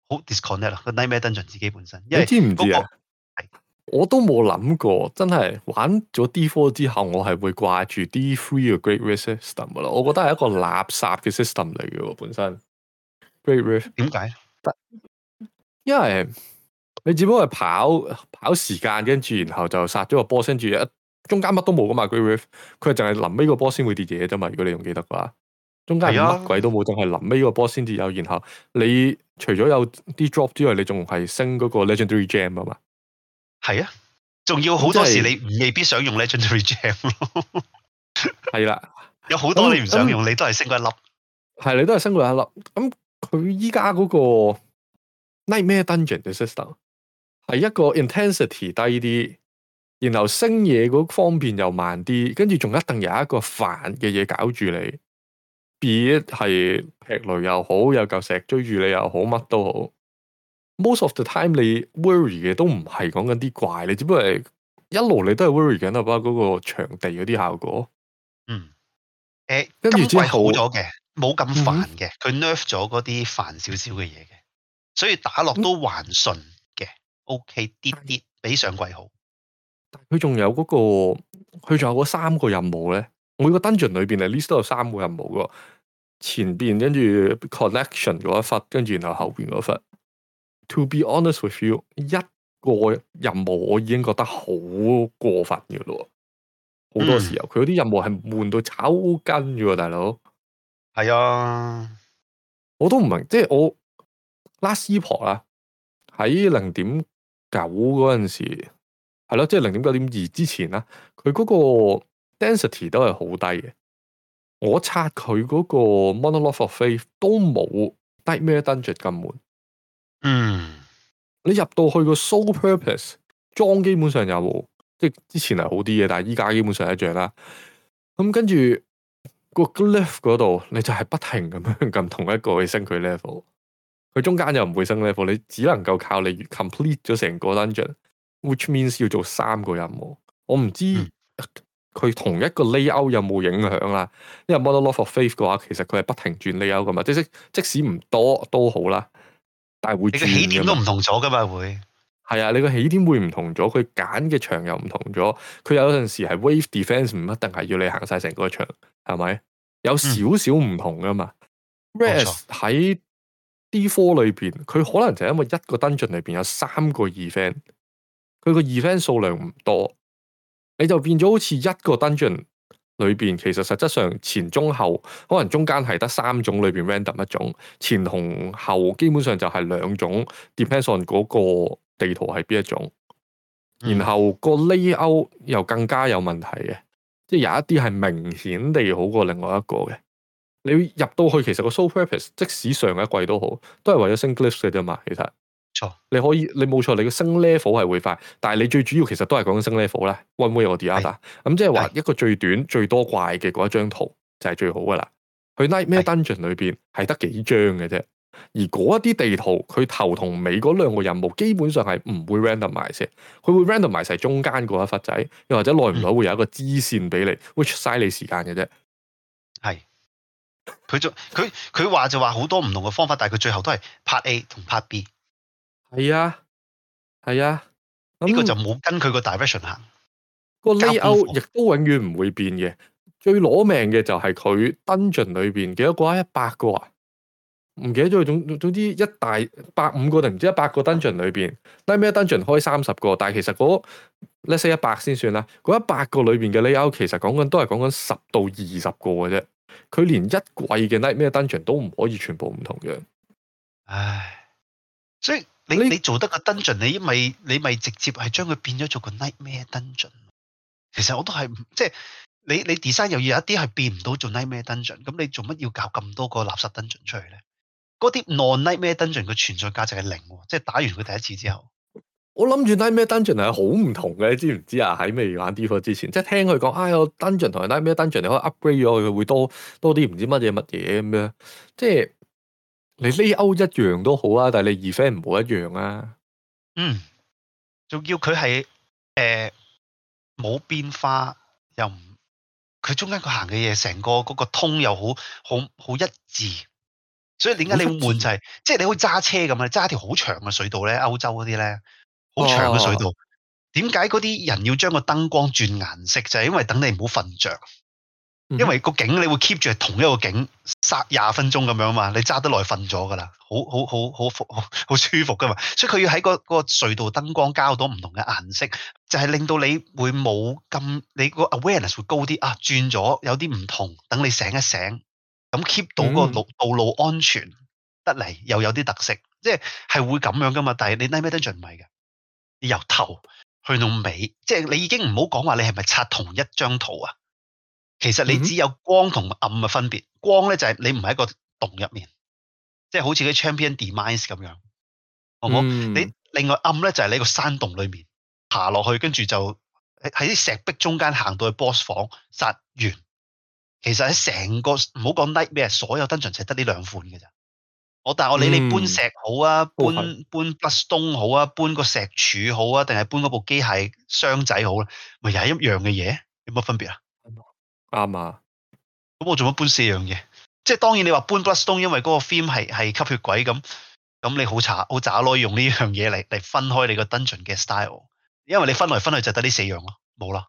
好 disconnect 咗。Neyme Dungeon 自己本身，因為、那個、你知唔知啊？是我都冇諗過，真係玩咗 D4 之後，我係會掛住 D three 嘅 great system 噶啦。我覺得係一個垃圾嘅 system 嚟嘅喎，本身。Great Rift 點解？得？因為你只不過係跑跑時間，跟住然後就殺咗個波，跟住一中間乜都冇噶嘛。Great Rift 佢係淨係臨尾個波先會跌嘢啫嘛。如果你仲記得嘅話，中間係乜鬼都冇，淨係臨尾個波先至有。然後你除咗有啲 drop 之外，你仲係升嗰個 legendary gem 啊嘛。係啊，仲要好多時你未必想用 legendary gem 咯、就是。係啦，有好多你唔想用，嗯、你都係升嗰一粒，係你都係升嗰一粒咁。嗯佢依家嗰個 nightmare dungeon 嘅 system 係一個 intensity 低啲，然後升嘢嗰方面又慢啲，跟住仲一定有一個煩嘅嘢搞住你，be 係劈雷又好，有嚿石追住你又好，乜都好。Most of the time 你 worry 嘅都唔係講緊啲怪，你只不過係一路你都係 worry 緊阿爸嗰個場地嗰啲效果。嗯，誒、欸，跟住之後好咗嘅。冇咁煩嘅，佢 nerf 咗嗰啲煩少少嘅嘢嘅，所以打落都還順嘅。OK，啲啲比上季好，但佢仲有嗰、嗰個，佢仲有嗰三個任務咧。每個 dungeon 裏面係 list 都有三個任務嘅，前邊跟住 collection 嗰一忽，跟住然後後邊嗰忽。To be honest with you，一個任務我已經覺得好過分嘅咯，好、嗯、多時候佢嗰啲任務係悶到炒根嘅喎，大佬。係啊，我都唔明，即係我 Last Epoch 啦，喺零點九嗰陣時，係咯，即係零點九點二之前啦，佢嗰個 density 都係好低嘅。我拆佢嗰個 Monolith of Fate 都冇低咩 dungeon 咁滿。嗯，你入到去個 sole purpose 裝，基本上有冇，即係之前係好啲嘅，但係依家基本上一樣啦。咁、嗯、跟住。個 glyph 嗰度，你就係不停咁樣撳同一個去升佢 level，佢中間又唔會升 level，你只能夠靠你 complete 咗成個 dungeon, which means 要做三個任務。我唔知佢同一個 layout 有冇影響啦，因為 Monolith of Fate 嘅話，其實佢係不停轉 layout 噶嘛，即使即使唔多都好啦，但係會你嘅起點都唔同咗噶嘛會。係啊，你個起點會唔同咗，佢揀嘅場又唔同咗，佢有陣時係 wave defense 唔一定係要你行晒成個場，係咪？有少少唔同噶嘛。r As 喺 D four 裏邊，佢可能就係因為一個 dungeon 裏邊有三個 event，佢個 event 數量唔多，你就變咗好似一個 dungeon 裏邊，其實實質上前中後可能中間係得三種裏邊 random 一種，前同後基本上就係兩種，depends on 嗰個。地圖係邊一種，嗯、然後那個 layout 又更加有問題嘅，即係有一啲係明顯地好過另外一個嘅。你入到去其實個 sole purpose，即使上一季都好，都係為咗升 Glyphs 嘅啫嘛。其實錯，錯，你可以你冇錯，你嘅升 level 係會快，但係你最主要其實都係講緊升 level 啦。的 One way or the other 咁即係話一個最短的最多怪嘅嗰一張圖就係最好噶啦。去 nightmare dungeon 裏邊係得幾張嘅啫？而嗰一啲地圖，佢頭同尾嗰兩個任務，基本上係唔會 randomize，佢會 randomize 係中間嗰一忽仔，又或者耐唔耐會有一個支線俾你，which 嘥、嗯、你時間嘅啫。係，佢就佢佢話就話好多唔同嘅方法，但係佢最後都係拍 A 同拍 B。係啊，係啊，呢個就冇跟佢個 direction 行，個 layout 亦都永遠唔會變嘅。最攞命嘅就係佢 dungeon 裏邊幾多個啊？一百個啊？唔記得咗，總總之一大百五個定唔知一百個 dungeon 裏邊 ，nightmare dungeon 開三十個，但係其實嗰 let's say 一百先算啦，嗰一百個裏邊嘅 layout 其實講緊都係講緊十到二十個嘅啫，佢連一季嘅 nightmare dungeon 都唔可以全部唔同樣，唉，所以你你，你做得個 dungeon，你咪你咪直接係將佢變咗做個 nightmare dungeon，其實我都係即係你你 design 又要有一啲係變唔到做 nightmare dungeon，咁你做乜要搞咁多個垃圾 dungeon 出去咧？嗰啲 non-Nightmare Dungeon 嘅存在價值係零喎，即係打完佢第一次之後，我諗住 Nightmare Dungeon 係好唔同嘅，你知唔知啊？喺未玩 D4 之前，即係聽佢講、啊，Dungeon 同埋 Nightmare Dungeon，你可以 upgrade 咗佢，佢會多多啲唔知乜嘢乜嘢咁樣，即係你 Leo 一樣都好啊，但係你 effect 唔好一樣啊。嗯，仲要佢係誒冇變化又唔，佢中間佢行嘅嘢成個嗰個通又好好好一致。所以點解你會瞓就係、是，即係 你好揸車咁啊，揸一條好長嘅隧道咧，歐洲嗰啲咧，好長嘅隧道。點解嗰啲人要將個燈光轉顏色就係、是、因為等你唔好瞓着，因為個景你會 keep 住係同一個景三廿分鐘咁樣嘛，你揸得耐瞓咗㗎啦，好好好好舒服，好舒服㗎嘛。 所以佢要喺個個隧道燈光交到唔同嘅顏色，就係令到你會冇咁你個 awareness 會高啲啊，轉咗有啲唔同，等你醒一醒。咁 keep 到個道路安全得嚟，嗯、又有啲特色，即係係會咁樣噶嘛？但係你 dungeon 唔係嘅，由頭去到尾，即係你已經唔好講話你係咪拆同一張圖啊，其實你只有光同暗嘅分別，嗯、光咧就係你唔喺個洞入面，即係好似啲 Champion Demise 咁樣，好唔好？嗯、你另外暗咧就係你個山洞裏面爬落去，跟住就喺啲石壁中間行到去 boss 房殺完。其實喺成個唔好講 nightmare，所有 Dungeon 就得呢兩款嘅咋。嗯、我但係我理你搬石好啊，搬是搬 bloodstone 好啊，搬個石柱好啊，定係搬嗰部機械箱仔好咧？啊，咪又係一樣嘅嘢，有乜分別啊？啱啊、嗯。咁、嗯嗯、我做乜搬四樣嘢，即、就、係、是、當然你話搬 bloodstone 因為嗰個 film 係係吸血鬼咁，咁你好查，好渣咯，用呢樣嘢嚟嚟分開你個 Dungeon 嘅 style，因為你分來分去就得呢四樣咯，冇啦。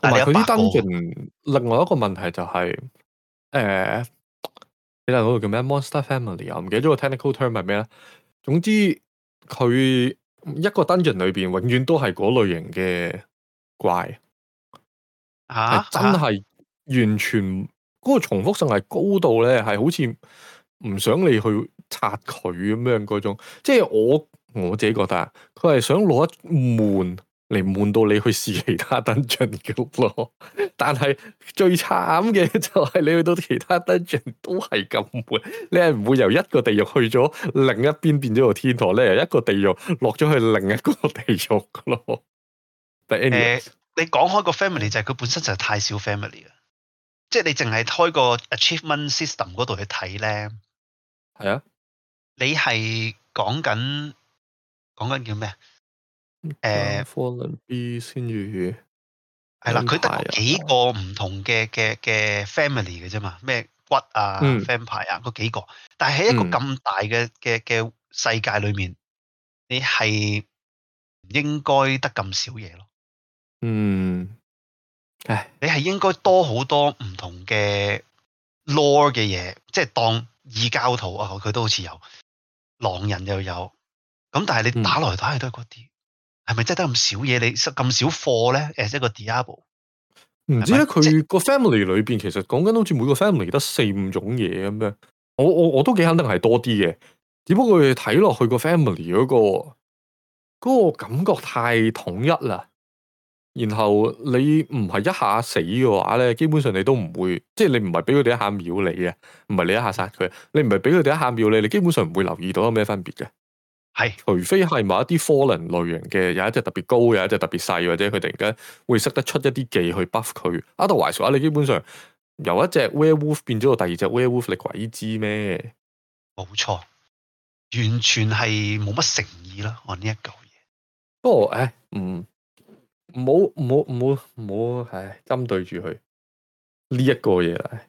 同埋佢啲 dungeon，他的另外一個問題就係、是，誒、呃，你話嗰個叫咩？Monster Family 啊，唔記得咗個 technical term 係咩咧？總之，佢一個 dungeon 裏邊，永遠都係嗰類型嘅怪，嚇、啊，真係完全嗰個重複性係高到咧，係好似唔想你去拆佢咁樣嗰種。即係我我自己覺得，佢係想攞一門，嚟悶到你去試其他 Dungeon 嘅咯，但係最慘嘅就係你去到其他 Dungeon 都係咁悶，你係唔會由一個地獄去咗另一邊變咗個天堂，由一個地獄落咗去另一個地獄嘅咯。誒，你講開個 family 就係佢本身就係太少 family 啦，即係你淨係開個 achievement system 嗰度去睇咧，係啊，你係講緊講緊叫咩誒，科林 B 先粵語係啦，佢得幾個唔同嘅嘅嘅 family 嘅啫嘛，咩骨啊，Vampire 啊，嗰、嗯、幾個，但係喺一個咁大嘅嘅嘅世界裏面，你係唔應該得咁少嘢咯，嗯，唉，你係應該多好多唔同嘅 lore 嘅嘢，即係當異教徒啊，佢都好似有狼人又有，咁但係你打來打去都係嗰啲。嗯。係咪真得咁少嘢？你咁少貨咧？誒，一個 diablo，唔知咧，佢個 family 裏邊其實講緊好似每個 family 得四五種嘢咁樣。我我我都幾肯定係多啲嘅，只不過睇落去個 family 嗰個嗰個感覺太統一啦。然後你唔係一下死嘅話咧，基本上你都唔會，即係你唔係俾佢哋一下秒你嘅，唔係你一下殺佢，你唔係俾佢哋一下秒你，你基本上唔會留意到有咩分別嘅。係，是除非係某一啲 fallen 類型嘅，有一隻特別高，有一隻特別細，或者佢突然間會識得出一啲技去 buff 佢。Otherwise，你基本上由一隻 werewolf 變咗到第二隻 werewolf，你鬼知咩？冇錯，完全係冇乜誠意啦！我呢一嚿嘢。不過，誒，唔、嗯，唔好，唔好，唔好，唔好，誒，針對住佢呢一個嘢。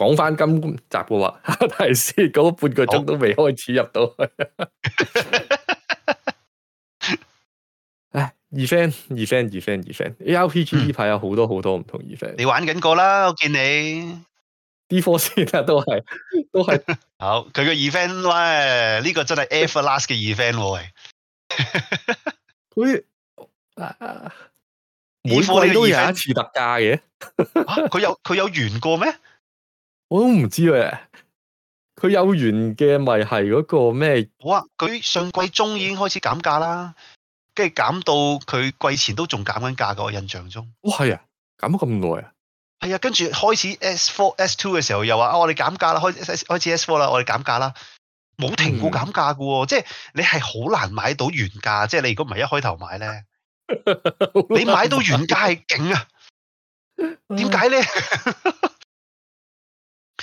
講翻今集嘅話，提示嗰半個鐘都未開始入到去。哎，event，event，event，event，ARPG 呢排有好多好多唔同 event。你玩緊個啦，我見你 D Four 先啦，都係都係。好，佢個 event 喂，呢個真係 everlast 嘅 event 喎。佢啊，每科你都有一次特價嘅。吓，佢有佢有完過咩？我都唔知啊，佢有緣嘅咪係嗰個咩？好啊，佢上季中已經開始減價啦，跟住減到佢季前都仲減緊價，我印象中。哇、哦，係啊，減咗咁耐啊！係啊，跟住開始 S four S two 嘅時候又話啊，我哋減價啦，開開始 S four 啦，我哋減價啦，冇停過減價噶，嗯、即係你係好難買到原價，即係你如果唔係一開頭買咧， 你買到原價係勁啊！點解咧？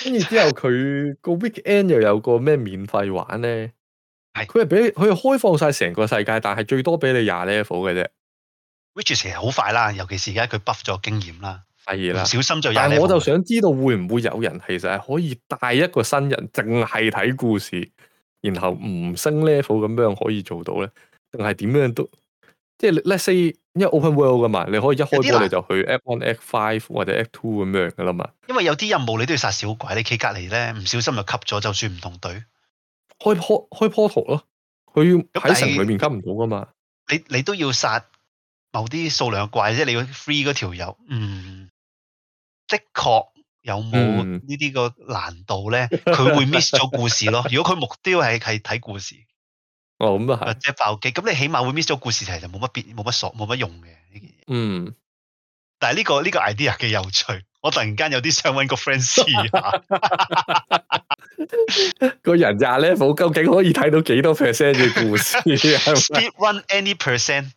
跟住之後，佢個 weekend 又有個咩免費玩咧？係是，佢係俾佢係開放晒成個世界，但係最多俾你廿 level 嘅啫。Which 其實好快啦，尤其是而家佢 buff 咗經驗啦，係啦的，唔小心就廿，但係我就想知道會唔會有人其實係可以帶一個新人，淨係睇故事，然後唔升 level 咁樣可以做到咧？定係點樣都即係 lessy t。因為 open world 噶嘛，你可以一開波你就去 act one、act five 或者 act two 咁樣噶啦嘛。因為有啲任務你都要殺小鬼，你企隔籬咧唔小心就吸咗，就算唔同隊，開坡開 portal 咯，佢喺城裏面吸唔到噶嘛。你你都要殺某啲數量怪，即係，你要 free 嗰條友。嗯，的確有冇呢啲個難度咧？佢會 miss 咗故事咯。如果佢目標係係睇故事。哦，咁都係，或者爆機，咁、嗯、你起碼會 miss 咗故事題就，就冇乜變，冇乜索，冇乜用嘅。嗯，但係呢、這個呢、這個 idea 幾有趣，我突然間有啲想搵個 friend 試下，個人就 level 究竟可以睇到幾多 percent 嘅故事 Sp eed run any percent？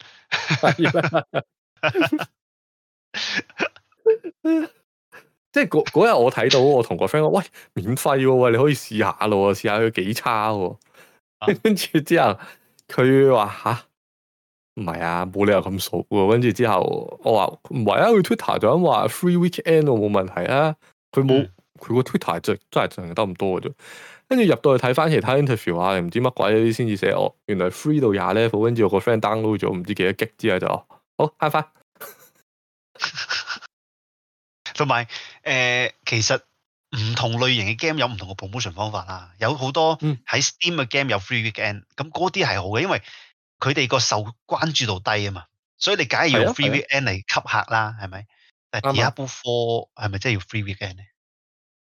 即係嗰日我睇到，我同個 friend 話，喂，免費，你可以試下咯，試下佢幾差。跟住 之後，佢話吓，唔係啊，冇理由咁數，跟住之後我，我話唔係啊，佢 Twitter 就咁話 free week end 我冇問題啊。佢冇佢個、嗯、Twitter 真真係真係得咁多嘅啫。跟住入到去睇翻其他 interview 啊，唔知乜鬼啲先至寫哦。原來 free 到廿 level，跟住我個 friend download 咗唔知幾多激之後就，好慳翻。同埋誒，其實。唔同類型嘅 game 有唔同嘅 promotion 方法啦，有好多喺 Steam 嘅 game 有 free weekend，咁嗰啲係好嘅，因為佢哋個受關注度低啊嘛，所以你梗係要用 free weekend 嚟吸客啦，係咪、啊？而家 D4 係咪真係要 free weekend 咧？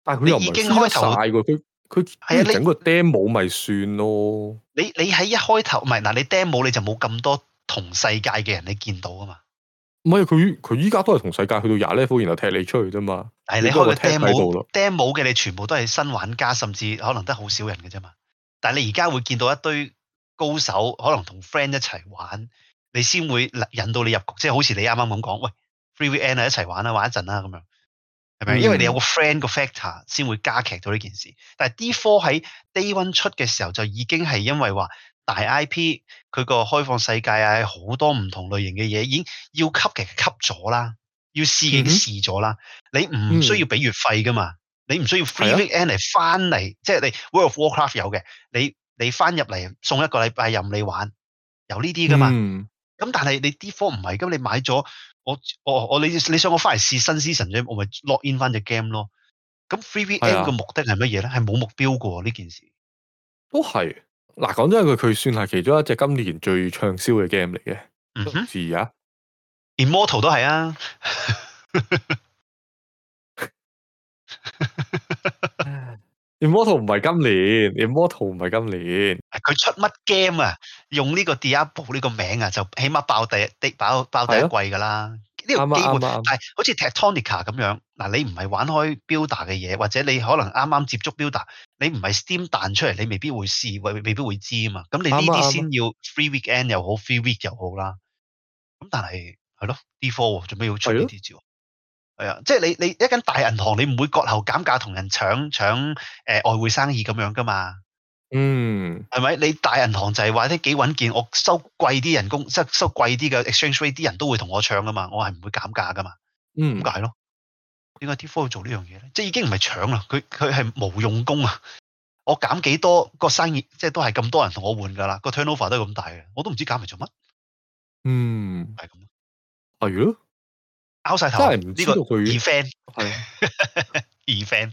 但係佢已經開頭晒佢係啊，整個 demo 咪算咯？你你喺一開頭唔係嗱，你 demo 你就冇咁多同世界嘅人你見到啊嘛。唔係佢，佢依家都係同世界去到廿 level，然後踢你出去啫嘛。但係你開個 demo，demo 嘅你全部都係新玩家，甚至可能得好少人嘅啫嘛。但係你而家會見到一堆高手，可能同 friend 一齊玩，你先會引到你入局，即係好似你啱啱咁講，喂，free V N 啊，一齊玩啦，玩一陣啦，咁樣係咪？嗯，因為你有個 friend 個 factor，先會加劇到呢件事。但係 D four 喺 Day one 出嘅時候，就已經係因為話大 I P。佢個開放世界啊，好多唔同類型嘅嘢已經要吸嘅吸咗啦，要試嘅試咗啦。嗯、哼你唔需要俾月費噶嘛，嗯、你唔需要 free weekend 嚟翻嚟，即係、就是、你 World of Warcraft 有嘅，你你翻入嚟送一個禮拜任你玩，有呢啲噶嘛。咁、嗯、但係你 D4 唔係咁，你買咗我我我你你想我翻嚟試新 season 啫，我咪 log in 翻隻 game 咯。咁 free weekend 個目的係乜嘢咧？係冇目標噶喎呢件事，都係。嗱，講真一句，佢算係其中一隻今年最暢銷嘅 game 嚟嘅，自然、mm hmm. 啊，Immortal 都係啊 ，Immortal 唔係今年，Immortal 唔係今年。佢出乜 game 啊？用呢個 Diablo 呢個名啊，就起碼爆第一的，爆爆第一季噶啦。呢啲好似 Techtonica 咁樣。嗱，你唔係玩開 Builder 嘅嘢，或者你可能啱啱接觸 Builder，你唔係 Steam 彈出嚟，你未必會試，未未必會知啊嘛。咁你呢啲先要 free weekend 又好，free week 又好啦。咁但係係咯，D4 做咩要出呢啲招？係啊、哎喲，即係你你一間大銀行，你唔會割喉減價同人搶搶、呃、外匯生意咁樣噶嘛？嗯，係咪你大銀行就係話啲幾穩健？我收貴啲人工，即係收貴啲嘅 exchange rate，啲人都會同我搶噶嘛？我係唔會減價噶嘛？嗯，點解咯？點解 D4 做呢樣嘢咧？即係已經唔係搶啦，佢佢係無用功啊！我減幾多個生意，即係都係咁多人同我換噶啦，個 turnover 都係咁大嘅，我都唔知減嚟做乜。嗯，係咁，are you 拗晒頭，的面真係唔知道佢 event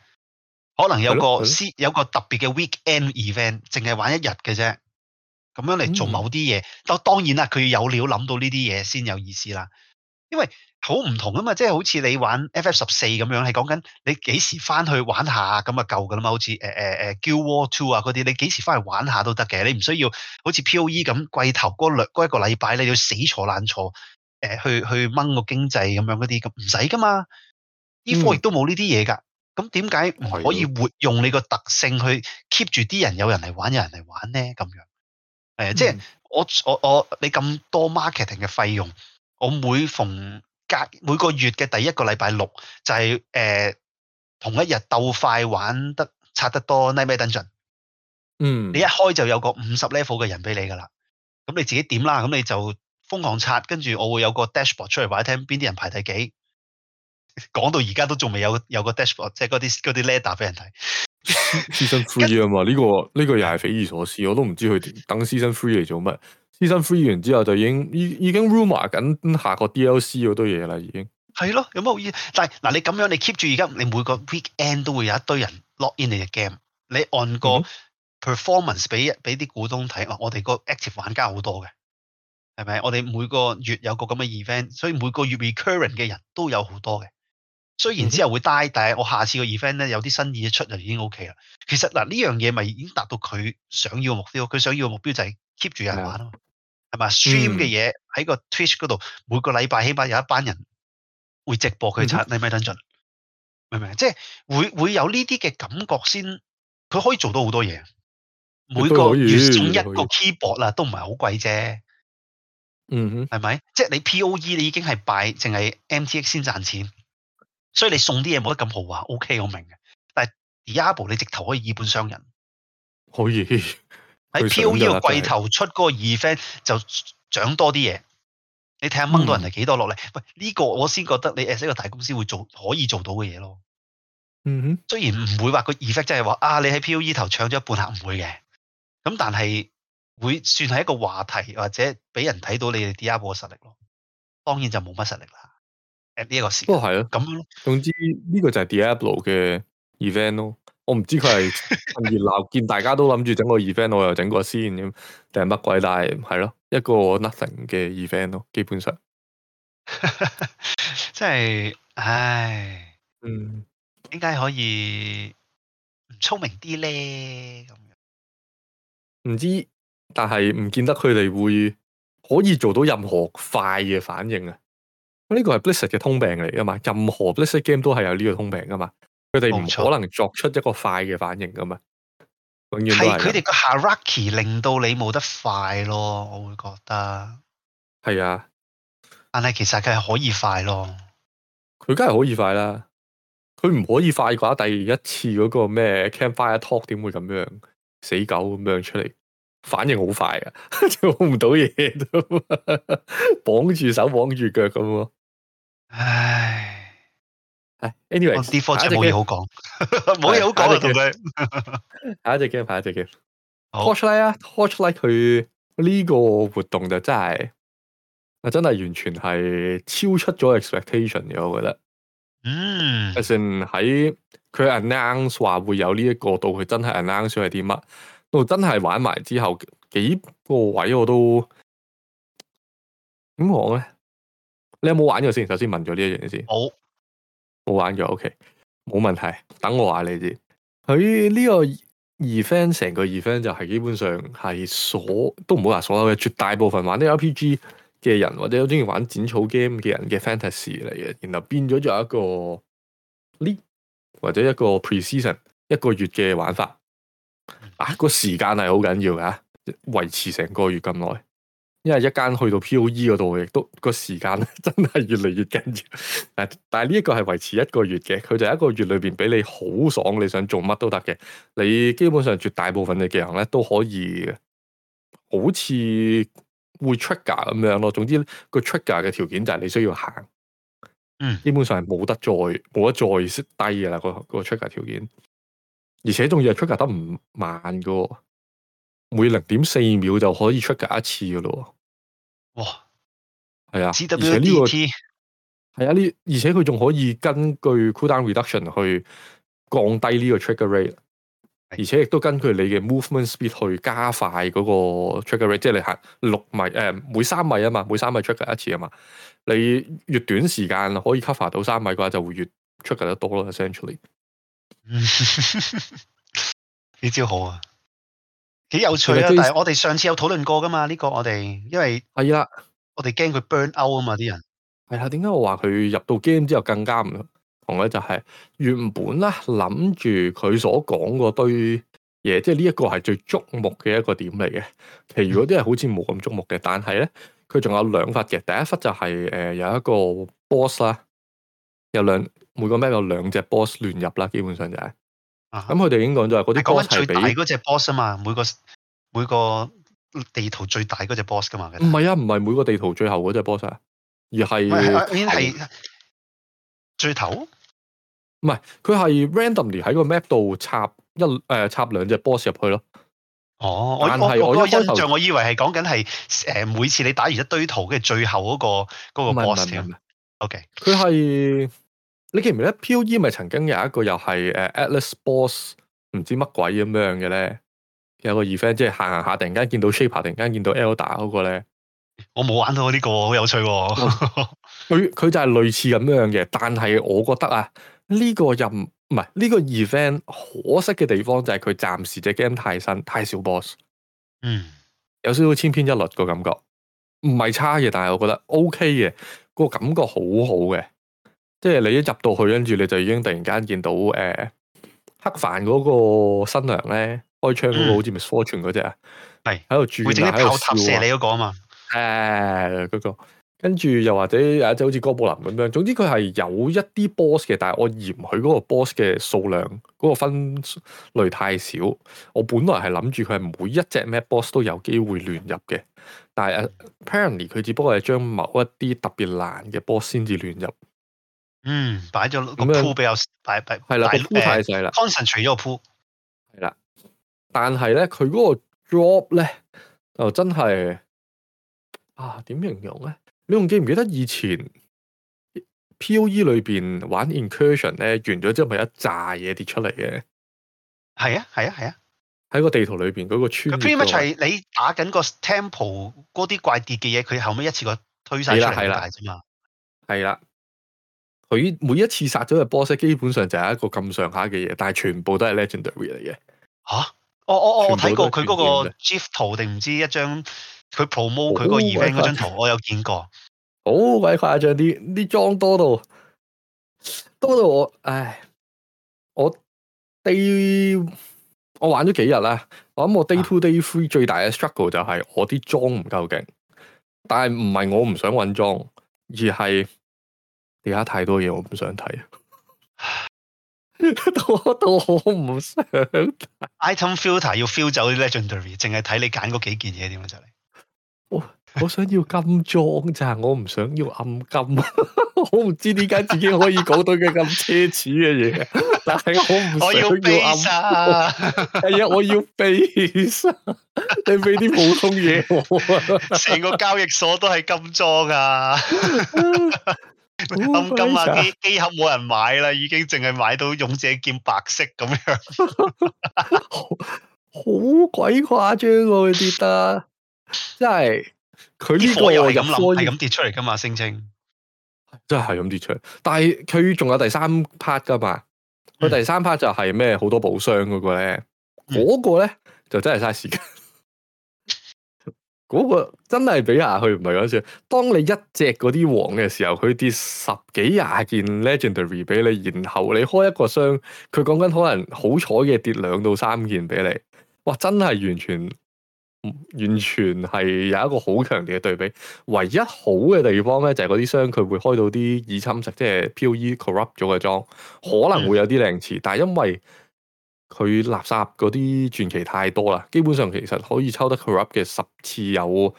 可能有個有個特別嘅 weekend event，淨係玩一日嘅啫，咁樣嚟做某啲嘢。都、嗯、當然啦，佢要有料諗到呢啲嘢先有意思啦。因為好唔同啊嘛，即係好似你玩 FF 十四咁樣，係講緊你幾時翻去玩下咁啊，夠噶啦嘛。好似誒誒誒 Guild Wars Two 啊嗰啲，你幾時翻去玩下都得嘅。你唔需要好似 POE 咁季頭嗰兩一個禮拜你要死坐爛坐誒去去掹個經濟咁樣嗰啲咁，唔使噶嘛。呢、嗯、科亦都冇呢啲嘢噶。咁點解唔可以活用你個特性去 keep 住啲人，有人嚟玩，有人嚟玩呢？咁樣，嗯啊，即係我我我你咁多 marketing 嘅費用，我每逢隔每個月嘅第一個禮拜六就係、是、誒、呃、同一日鬥快玩得刷得多，Nightmare Dungeon。嗯，你一開就有個五十 level 嘅人俾你噶啦，咁你自己點啦，咁你就瘋狂刷，跟住我會有個 dashboard 出嚟話你，聽邊啲人排第幾。講到而家都仲未有有個 dashboard，即係嗰啲嗰啲 ladder 俾人睇。Season three 啊嘛，呢個呢個又係匪夷所思，我都唔知佢等 Season three 嚟做乜。Season three 完之後就已經已已經 rumor 緊下個 DLC 嗰堆嘢啦，已經係咯，有乜好意思？但係嗱，你咁樣你 keep 住而家，你每個 weekend 都會有一堆人 log in 你嘅 game。你按個 performance 俾俾啲股東睇，我我哋個 active 玩家好多嘅，係咪？我哋每個月有個咁嘅 event，所以每個月 recurring 嘅人都有好多嘅。雖然之後會 die、嗯、哼但係我下次個 event 咧有啲新意一出就已經 OK 啦。其實嗱呢樣嘢咪已經達到佢想要嘅目標佢想要嘅目標就係 keep 住人玩咯，係咪？Stream 嘅嘢喺個 Twitch 嗰度每個禮拜起碼有一班人會直播佢刷 NFT 進，明唔明？即係會會有呢啲嘅感覺先，佢可以做到很多東西好多嘢。每個月充一個 keyboard 啦，都唔係好貴啫。嗯哼，係咪？即係你 POE 你已經係拜淨係 MTX 先賺錢。所以你送啲嘢冇得咁豪華，OK，我明嘅。但係 Diablo 你直頭可以以本傷人，可以喺 POE 櫃頭出個 effect 就漲、是、多啲嘢。你睇下掹到人哋幾多落嚟？喂、嗯，呢個我先覺得你 S 一個大公司會做可以做到嘅嘢咯。嗯哼，雖然唔會話個 effect 即係話啊，你喺 POE 頭搶咗一半客，唔會嘅。咁但係會算係一個話題或者俾人睇到你 Diablo 嘅實力咯。當然就冇乜實力啦。不過係咯，咁、哦啊、總之呢個就係 Diablo 嘅 event 咯。我唔知佢係趁熱鬧， 見大家都諗住整個 event，我又整個先咁定係乜鬼？但係係咯，一個 nothing 嘅 event 咯，基本上即係 唉，嗯，點解可以唔聰明啲咧？咁唔知，但係唔見得佢哋會可以做到任何快嘅反應啊！呢個係 Blizzard 嘅通病嚟噶嘛？任何 Blizzard game 都係有呢個通病噶嘛？佢哋唔可能作出一個快嘅反應噶嘛？永遠都係佢哋個 Hierarchy 令到你冇得快咯，我會覺得係啊。但係其實佢係可以快咯，佢梗係可以快啦。佢唔可以快嘅話，第一次嗰個咩 Campfire Talk 點會咁樣死狗咁樣出嚟？反應好快啊，做唔到嘢，都，綁住手綁住腳咁咯。唉，anyway，default 就冇嘢好講，冇嘢 好講啦，啊，同佢和你， 下一隻 game，下一隻 game，Torchlight 啊，Torchlight 咧，佢呢個活動就真係，啊，真係完全係超出咗 expectation 嘅，我覺得，嗯，就算喺佢 announce 話會有呢、這、一個，到佢真係 announce 係啲乜，到真係玩埋之後，幾個位我都點講咧？你有冇玩過先？首先問咗呢一樣嘢先。冇，冇玩過 OK，冇問題。等我話你知。佢呢個 event 成個 event 就係基本上係所都唔好話所有嘅，絕大部分玩啲 RPG 嘅人或者好中意玩剪草 game 嘅人嘅 fantasy 嚟嘅。然後變咗就有一個 lead 或者一個 preseason 一個月嘅玩法。啊，個時間係好緊要噶，維持成個月咁耐。因為一間去到 P.O.E 嗰度，亦都個時間咧真係越嚟越緊要。但係呢一個係維持一個月嘅，佢就喺一個月裏邊俾你好爽，你想做乜都得嘅。你基本上絕大部分嘅技能咧都可以，好似會出格咁樣咯。總之，個出格嘅條件就係你需要行。嗯，基本上係冇得再冇得再低噶啦，個個出格條件。而且仲要係出格得唔慢噶。每零點四秒就可以出格一次噶咯，哇、哦，係啊，這個、啊，而且呢個係啊，呢而且佢仲可以根據 cooldown reduction 去降低呢個 trigger rate，< 是的 S 1> 而且亦都根據你嘅 movement speed 去加快嗰個 trigger rate，< 是的 S 1> 即係你行六米誒、呃，每三米啊嘛，每三米出格一次啊嘛，你越短時間可以 cover 到三米嘅話，就會越出格得多咯，essentially。呢 招好啊！幾有趣啊，但係我哋上次有討論過噶嘛？呢、這個我哋因為係啦，我哋驚佢 burn out 啊嘛，啲人係啦。點解我話佢入到 game 之後更加唔同咧？就係、是、原本咧諗住佢所講嗰堆嘢，即係呢一個係最矚目嘅一個點嚟嘅。其如果啲係好似冇咁矚目嘅。嗯、但係咧，佢仲有兩發嘅。第一發就係、是、誒、呃、有一個 boss 啦，有兩每個咩有兩隻 boss 亂入啦，基本上就係、是。咁佢哋已經講咗，係嗰啲波係比嗰隻 boss 啊嘛，每個每個地圖最大嗰隻 boss 噶嘛，唔係啊，唔係每個地圖最後嗰隻 boss 啊，而係係最頭，唔係佢係 randomly 喺個 map 度插一誒插兩隻 boss 入去咯。哦，我我個印象，我以為係講緊係誒每次你打完一堆圖嘅最後嗰、嗰個、嗰個 boss，ok，佢係。Okay. 你記唔記得 POE 咪曾經有一個又係誒 Atlas Boss 唔知乜鬼咁樣嘅咧，有個 event 即係行行下突然間見到 Shaper，突然間見到、e、Elder 嗰、er、個咧，我冇玩到呢、呢個，好有趣，哦。佢 佢就係類似咁樣嘅，但係我覺得啊，呢、呢個任唔係呢個 event，可惜嘅地方就係佢暫時隻 game 太新，太少 boss，嗯，有少少千篇一律個感覺，唔係差嘅，但係我覺得 O.K. 嘅，個感覺好好嘅。即係你一入到去，跟住你就已經突然間見到，誒、呃，黑帆嗰個新娘咧，開槍嗰、那個、嗯、好似 Miss Fortune 嗰隻啊，係喺度住你嗰個啊嘛，誒嗰跟住又或者誒即係好似哥布林咁樣，總之佢係有一啲 boss 嘅，但係我嫌佢嗰個 boss 嘅數量嗰、那個分類太少，我本來係諗住佢係每一隻 map boss 都有機會亂入嘅，但係 apparently 佢只不過係將某一啲特別難嘅 boss 先至亂入。嗯，擺咗個鋪比較擺擺係啦，鋪太細啦。大，呃、Concentrate 咗個鋪係啦，但係咧佢嗰個 drop 咧，就真係啊，點形容咧？你仲記唔記得以前 POE 裏邊玩 Incursion 咧？完咗之後咪一炸嘢跌出嚟嘅。係啊係啊係啊，喺個地圖裏邊嗰個村，pretty much 係你打緊個 temple 嗰啲怪跌嘅嘢，佢後尾一次過推曬出嚟係嘛，係啦。佢每一次殺咗個 boss，基本上就係一個咁上下嘅嘢，但係全部都係 legendary 嚟嘅。嚇！我我我睇過佢嗰個 gif 圖定唔知一張佢 promote 佢個 event 嗰張圖，我有見過。好鬼誇張，啲啲裝多到多到我唉！我 day 我，我玩咗幾日啦，我諗我 day two、啊、day three 最大嘅 struggle 就係我啲裝唔夠勁。但係唔係我唔想揾裝，而係。而家太多嘢，我 唔想睇，我到好唔想睇。Item filter 要 filter 走啲 legendary，淨係睇你揀嗰幾件嘢點樣就嚟、是。我想要金裝咋， 我唔想要暗金。 我唔知點解自己可以講到嘅咁奢侈嘅嘢， 但係我唔我要背身，係啊，我要背身，你俾啲普通嘢我成個交易所都係金裝啊。 咁金啊，機機、嗯、盒冇人買啦，已經淨係買到勇者劍白色咁樣 好，好鬼誇張啊！佢跌得，真係佢呢個又係咁諗，係咁跌出嚟噶嘛？聲稱真係係咁跌出嚟，但係佢仲有第三 part 噶嘛？佢第三 part 就係咩？好多保箱嗰個咧，嗰、嗰個咧就真係嘥時間。嗰個真係比下去唔係講笑，當你一隻嗰啲黃嘅時候，佢跌十幾廿件 Legendary 俾你，然後你開一個箱，佢講緊可能好彩嘅跌兩到三件俾你，哇！真係完全完全係有一個好強烈嘅對比。唯一好嘅地方咧，就係嗰啲箱佢會開到啲易侵蝕，即係 POE corrupt 咗嘅裝，可能會有啲靚詞，的但係因為佢垃圾嗰啲傳奇太多啦，基本上其實可以抽得佢 corrupt 嘅十次有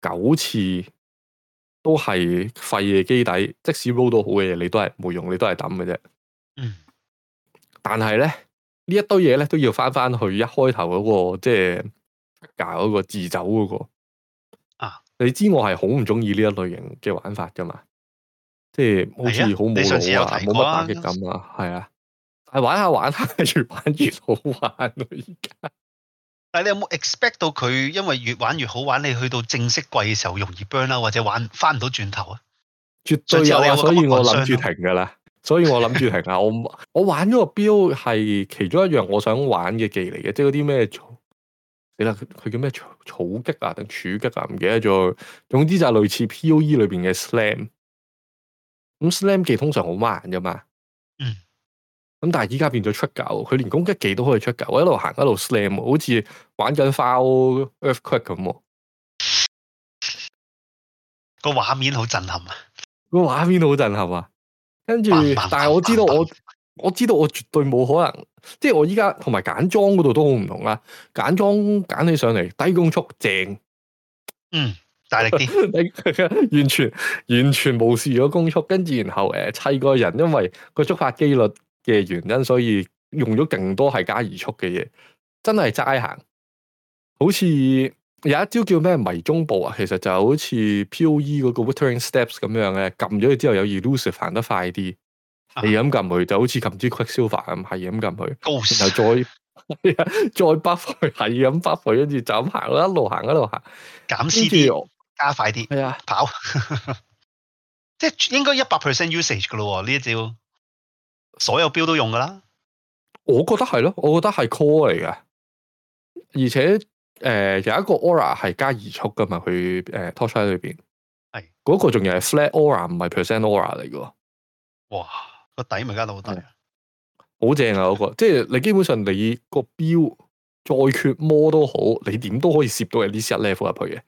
九次都係廢嘅基底，即使 roll 到好嘅嘢，你都係冇用，你都係抌嘅啫。嗯，但係咧呢一堆嘢咧都要翻翻去一開頭嗰個即係搞嗰個自走嗰個啊！你知我係好唔中意呢一類型嘅玩法噶嘛？即係好似好冇腦啊，冇乜打擊感啊，係啊！係玩下玩下越玩越好玩到依家，但係你有冇 expect 到佢？因為越玩越好玩，你去到正式季嘅時候容易 burn 啦，啊，或者玩翻唔到轉頭啊？絕對有，有，所以我諗住停噶啦。 所以我諗住停啊！我我玩咗個標係其中一樣我想玩嘅技嚟嘅，即係嗰啲咩草，死喇，佢叫咩草草擊啊定柱棘啊？唔記得咗。總之就係類似 P O E 裏邊嘅 slam。咁 slam 技通常好慢噶嘛？嗯。咁但係依家變咗出狗，佢連攻擊技都可以出狗，我一路行一路 slam，好似玩緊花屋 earthquake 咁。個畫面好震撼啊！個畫面好震撼啊！跟住，嗯嗯、但係我知道我我知道我絕對冇可能，即係我依家同埋簡裝嗰度都好唔同啦。簡裝簡起上嚟，低攻速正，嗯，大力啲， 完全完全無視咗攻速，跟住然後誒、呃、砌個人，因為個觸發機率。嘅原因，所以用咗勁多係加移速嘅嘢，真係齋行。好似有一招叫咩迷蹤步啊，其實就好似 P.O.E 嗰個 Withering Steps 咁樣咧，撳咗佢之後有 elusive 行得快啲，係咁撳佢就好似撳支 quicksilver 咁，係咁撳佢，然後再 再 buff，係咁北去，跟住就咁行啦，一路行一路行，減 C D 加快啲係啊，是的 跑即係 應該一百 percent usage 噶咯喎呢一招。所有標都用噶啦，我覺得係咯，我覺得係 call 嚟噶，而且誒、呃、有一個 aura 係加移速噶嘛，佢誒 Torchlight 喺裏邊，係嗰是個仲係 flat aura 唔係 percent aura 嚟噶，哇個底咪加到好低，好正啊嗰、那個， 即係你基本上你個標再缺魔都好，你點都可以攝到有呢啲1 level 入去嘅，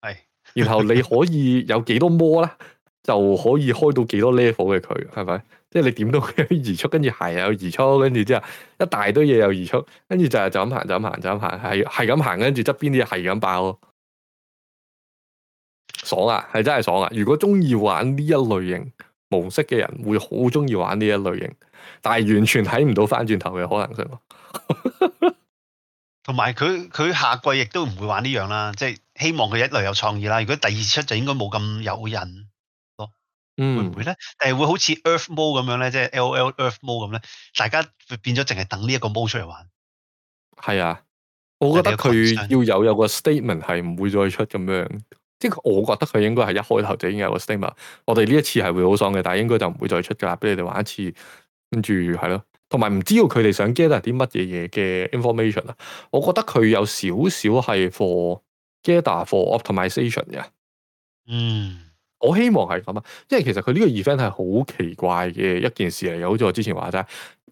係是， 然後你可以有幾多魔咧，就可以開到幾多 level 嘅佢係咪？是即係你點到佢移速，跟住鞋又移速，跟住之後一大堆嘢又移速，跟住就係就咁行，就咁行，就咁行，係係咁行，跟住側邊啲嘢係咁爆囉，爽啊！係真係爽啊！如果中意玩呢一類型模式嘅人，會好中意玩呢一類型，但係完全睇唔到翻轉頭嘅可能性。同埋佢佢下季亦都唔會玩呢樣啦，即係希望佢一來有創意啦。如果第二出就應該冇咁有癮。嗯，會唔會咧？誒，會好似 Earth mode 咁樣咧，即係 Lol Earth mode 咁咧，大家變咗淨係等呢一個 mode 出嚟玩。係啊，我覺得佢要有有個 statement 係唔會再出咁樣，即係、嗯、我覺得佢應該係一開頭就已經有個 statement。我哋呢一次係會好爽嘅，但係應該就唔會再出噶啦，俾你哋玩一次。跟住係咯，同埋唔知道佢哋想 gather 啲乜嘢嘢嘅 information 啊？我覺得佢有少少係 for gather for optimization 嘅。嗯。我希望係咁啊，因為其實佢呢個 event 係好奇怪嘅一件事嚟嘅，好似我之前話齋，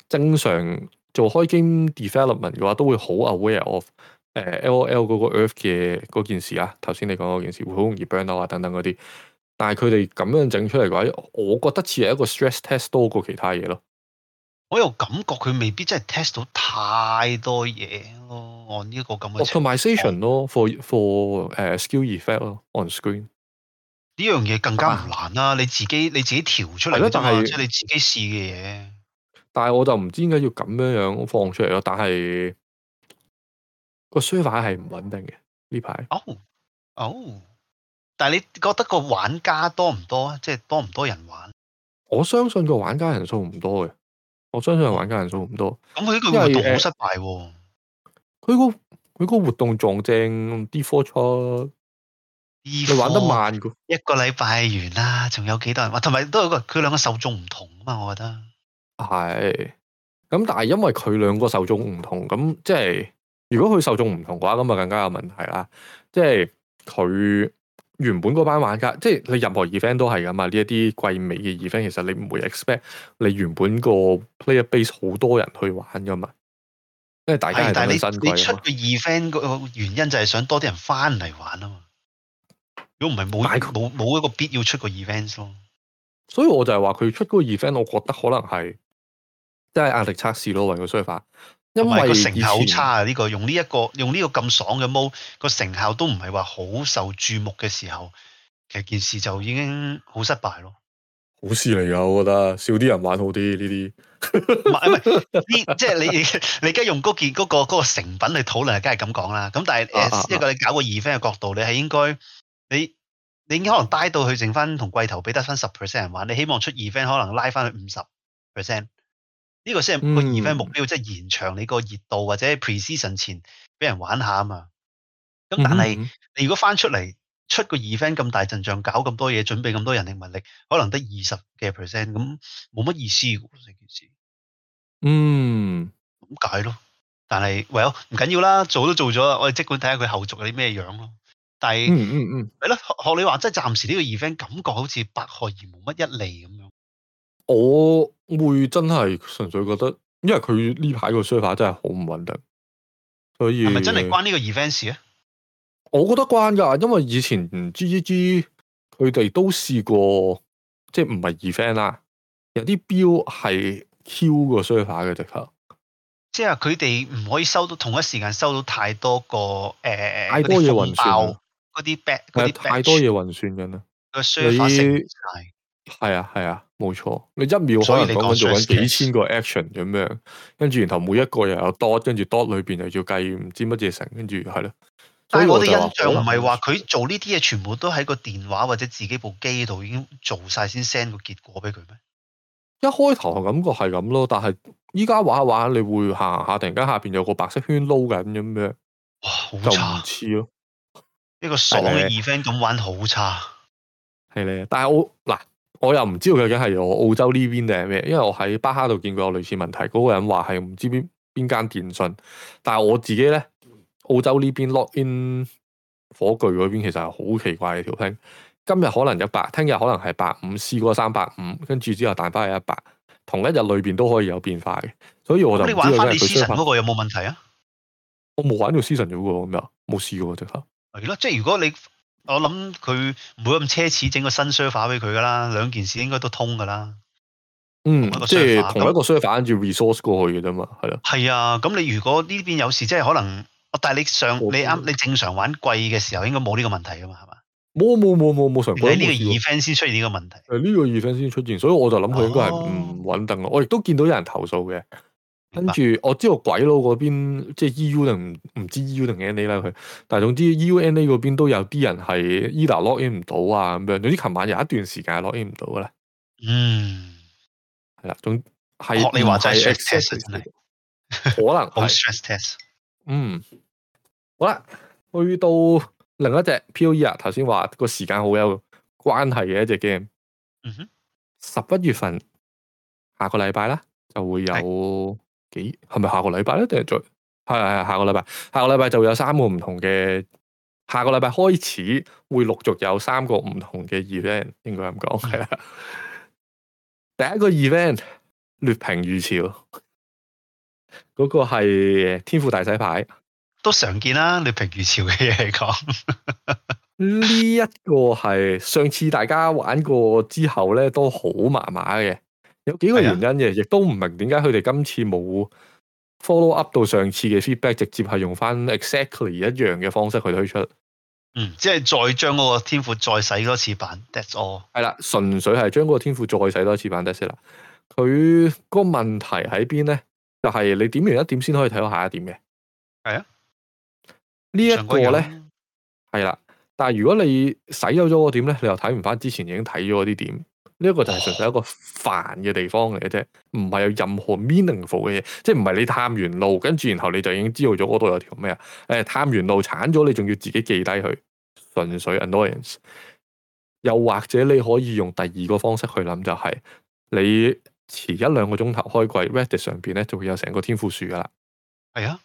正常做開 game development 嘅話，都會好 aware of 誒、呃、L O L 嗰個 earth 嘅嗰件事啊。頭先你講嗰件事會好容易 burn out 啊，等等嗰啲。但係佢哋咁樣整出嚟嘅話，我覺得似係一個 stress test 多過其他嘢咯。我又感覺佢未必真係 test 到太多嘢咯。按呢一個咁嘅 optimization 咯，for for 誒、uh, skill effect 咯，on screen。呢樣嘢更加唔難啦、啊，啊、你自己你自己調出嚟啫嘛，即係你自己試嘅嘢。但係我就唔知點解要咁樣樣放出嚟咯。但係個衰法係唔穩定嘅呢排。哦，哦。但係你覺得個玩家多唔多？即係多唔多人玩？我相信個玩家人數唔多嘅。我相信個玩家人數唔多。咁佢呢個活動好失敗、啊。佢個、呃那個佢個活動撞正啲火出。佢玩得慢噶，一個禮拜完啦，仲有幾多人玩？同埋都有個佢兩個受眾唔同啊嘛，我覺得係。咁但係因為佢兩個受眾唔同，咁即係如果佢受眾唔同嘅話，咁就更加有問題啦。即係佢原本嗰班玩家，即係你任何 event 都係噶嘛。呢一啲季尾嘅 event，其實你唔會 expect 你原本個 player base 好多人去玩噶嘛。因為大家係咁新貴。但係你你出個 event 個原因就係想多啲人翻嚟玩啊嘛。如果唔係冇，冇冇一個必要出個 event 咯，所以我就係話佢出嗰個 event，我覺得可能係即係壓力測試咯，為個說法，因為個成效差啊，呢個用呢、這、一個用呢個咁爽嘅毛個成效都唔係話好受注目嘅時候，其實件事就已經好失敗咯，好事嚟噶，我覺得少啲人玩好啲呢啲，即係、 就是、你你而家用嗰、那、件個、那個成品嚟討論，梗係咁講啦。咁但係誒，啊啊啊一個你搞個 event 嘅角度，你係應該。你你已經可能低到去剩翻同櫃頭比得翻十 percent 玩，你希望出二 fans 可能拉翻去五十 percent，呢個先係個二 fans 目標，即係、嗯、延長你個熱度或者 p r e c i s i o n 前俾人玩下啊嘛。咁但係、嗯、你如果翻出嚟出個二 fans 咁大陣仗，搞咁多嘢，準備咁多人力物力，可能得二十嘅 percent，咁冇乜意思嘅。嗯，咁解咯，但係 well 唔緊要啦，做都做咗，我哋即管睇下佢後續有啲咩樣咯。係、嗯，嗯嗯嗯，係咯。學你話，即係暫時呢個 event 感覺好似百害而冇乜一利咁樣。我會真係純粹覺得，因為佢呢排個 server 真係好唔穩定，所以係咪真係關呢個 event 事咧？我覺得關㗎，因為以前 G G G 佢哋都試過，即係唔係 event 啦，有啲標係 Q 個 server 嘅直頭。即係佢哋唔可以收到同一時間收到太多個誒嗰啲貨包。呃嗰啲 back，啲太多嘢運算咁啦，有啲係啊係啊，冇錯，你一秒可能所以你講做緊幾千個 action 咁樣的，跟住然後每一個又有多，跟住多裏邊又要計唔知乜嘢成，跟住係咯。所以但係我哋印象唔係話佢做呢啲嘢全部都喺個電話或者自己部機度已經做晒先 send 個結果俾佢咩？一開頭感覺係咁咯，但係依家玩下玩下，你會行下，突然間下邊有個白色圈撈緊咁樣，哇，好唔似咯。一個爽嘅二 f 咁玩好差，係咧。但係我嗱，我又唔知道究竟係我澳洲呢邊定係咩。因為我喺巴哈度見過有類似問題，嗰、嗰個人話係唔知邊邊間電訊。但係我自己咧，澳洲呢邊 login 火炬嗰邊其實係好奇怪嘅條 ping。今日可能一百，聽日可能係百五，試過三百五，跟住之後彈翻去一百。同一日裏邊都可以有變化嘅，所以我就你玩翻你個有冇問題啊？我冇玩到思臣咗個咩冇試過，直頭。係咯，即係如果你我諗佢唔會咁奢侈，整個新 server 俾佢噶啦，兩件事應該都通噶啦。嗯，即係同一個 server 跟住 resource 過去嘅啫嘛，係啊，係啊，咁你如果呢邊有事，即係可能，哦、但係你上你啱你正常玩貴嘅時候，應該冇呢個問題啊嘛，係嘛？冇冇冇冇冇常喺呢個 event 先出現呢個問題。誒，呢、這個 event 先出現，所以我就諗佢應該係唔穩定咯。哦、我亦都見到有人投訴嘅。跟住，我知道鬼佬嗰邊即係 EU 定，唔知 EU 定 N A 啦，佢但係總之，E U N A 嗰邊都有啲人係 e l a login 唔到啊咁樣，總之琴晚有一段時間係 login 唔到嘅咧。嗯，係啦，嗯，仲係你話齋 stress test 可能 好 stress test 嗯，好啦，去到另一隻 P O E 啊，頭先話個時間好有關係嘅一隻 game。十一，嗯，哼月份下個禮拜啦，就會有。係咪下個禮拜咧？定係再係係下個禮拜？下個禮拜就會有三個唔同嘅。下個禮拜開始會陸續有三個唔同嘅 event，應該咁講係啦。嗯、第一個 event 劣評如潮，嗰、那個係天賦大洗牌，都常見啦。劣評如潮嘅嘢嚟講，呢 一個係上次大家玩過之後咧，都好麻麻嘅。有幾個原因嘅，亦都唔明點解佢哋今次冇 follow up 到上次嘅 feedback，直接係用翻 exactly 一樣嘅方式去推出。嗯，即係再將嗰個天賦再洗多次版。That's all。係啦，純粹係將嗰個天賦再洗多次版。That's all 啦，佢個問題喺邊咧？就係你點完一點先可以睇到下一點嘅。係啊，呢一個咧係啦。但係如果你洗咗咗個點咧，你又睇唔翻之前已經睇咗嗰啲點。呢一個就係純粹一個煩嘅地方嚟嘅啫，唔係有任何 meaningful 嘅嘢，即係唔係你探完路跟住然後你就已經知道咗嗰度有條咩啊？誒、哎，探完路慘咗，你仲要自己記低佢，純粹 annoyance。又或者你可以用第二個方式去諗、就是，就係你遲一兩個鐘頭開季 Reddit 上邊咧，就會有成個天賦樹噶啦。係啊、哎呀，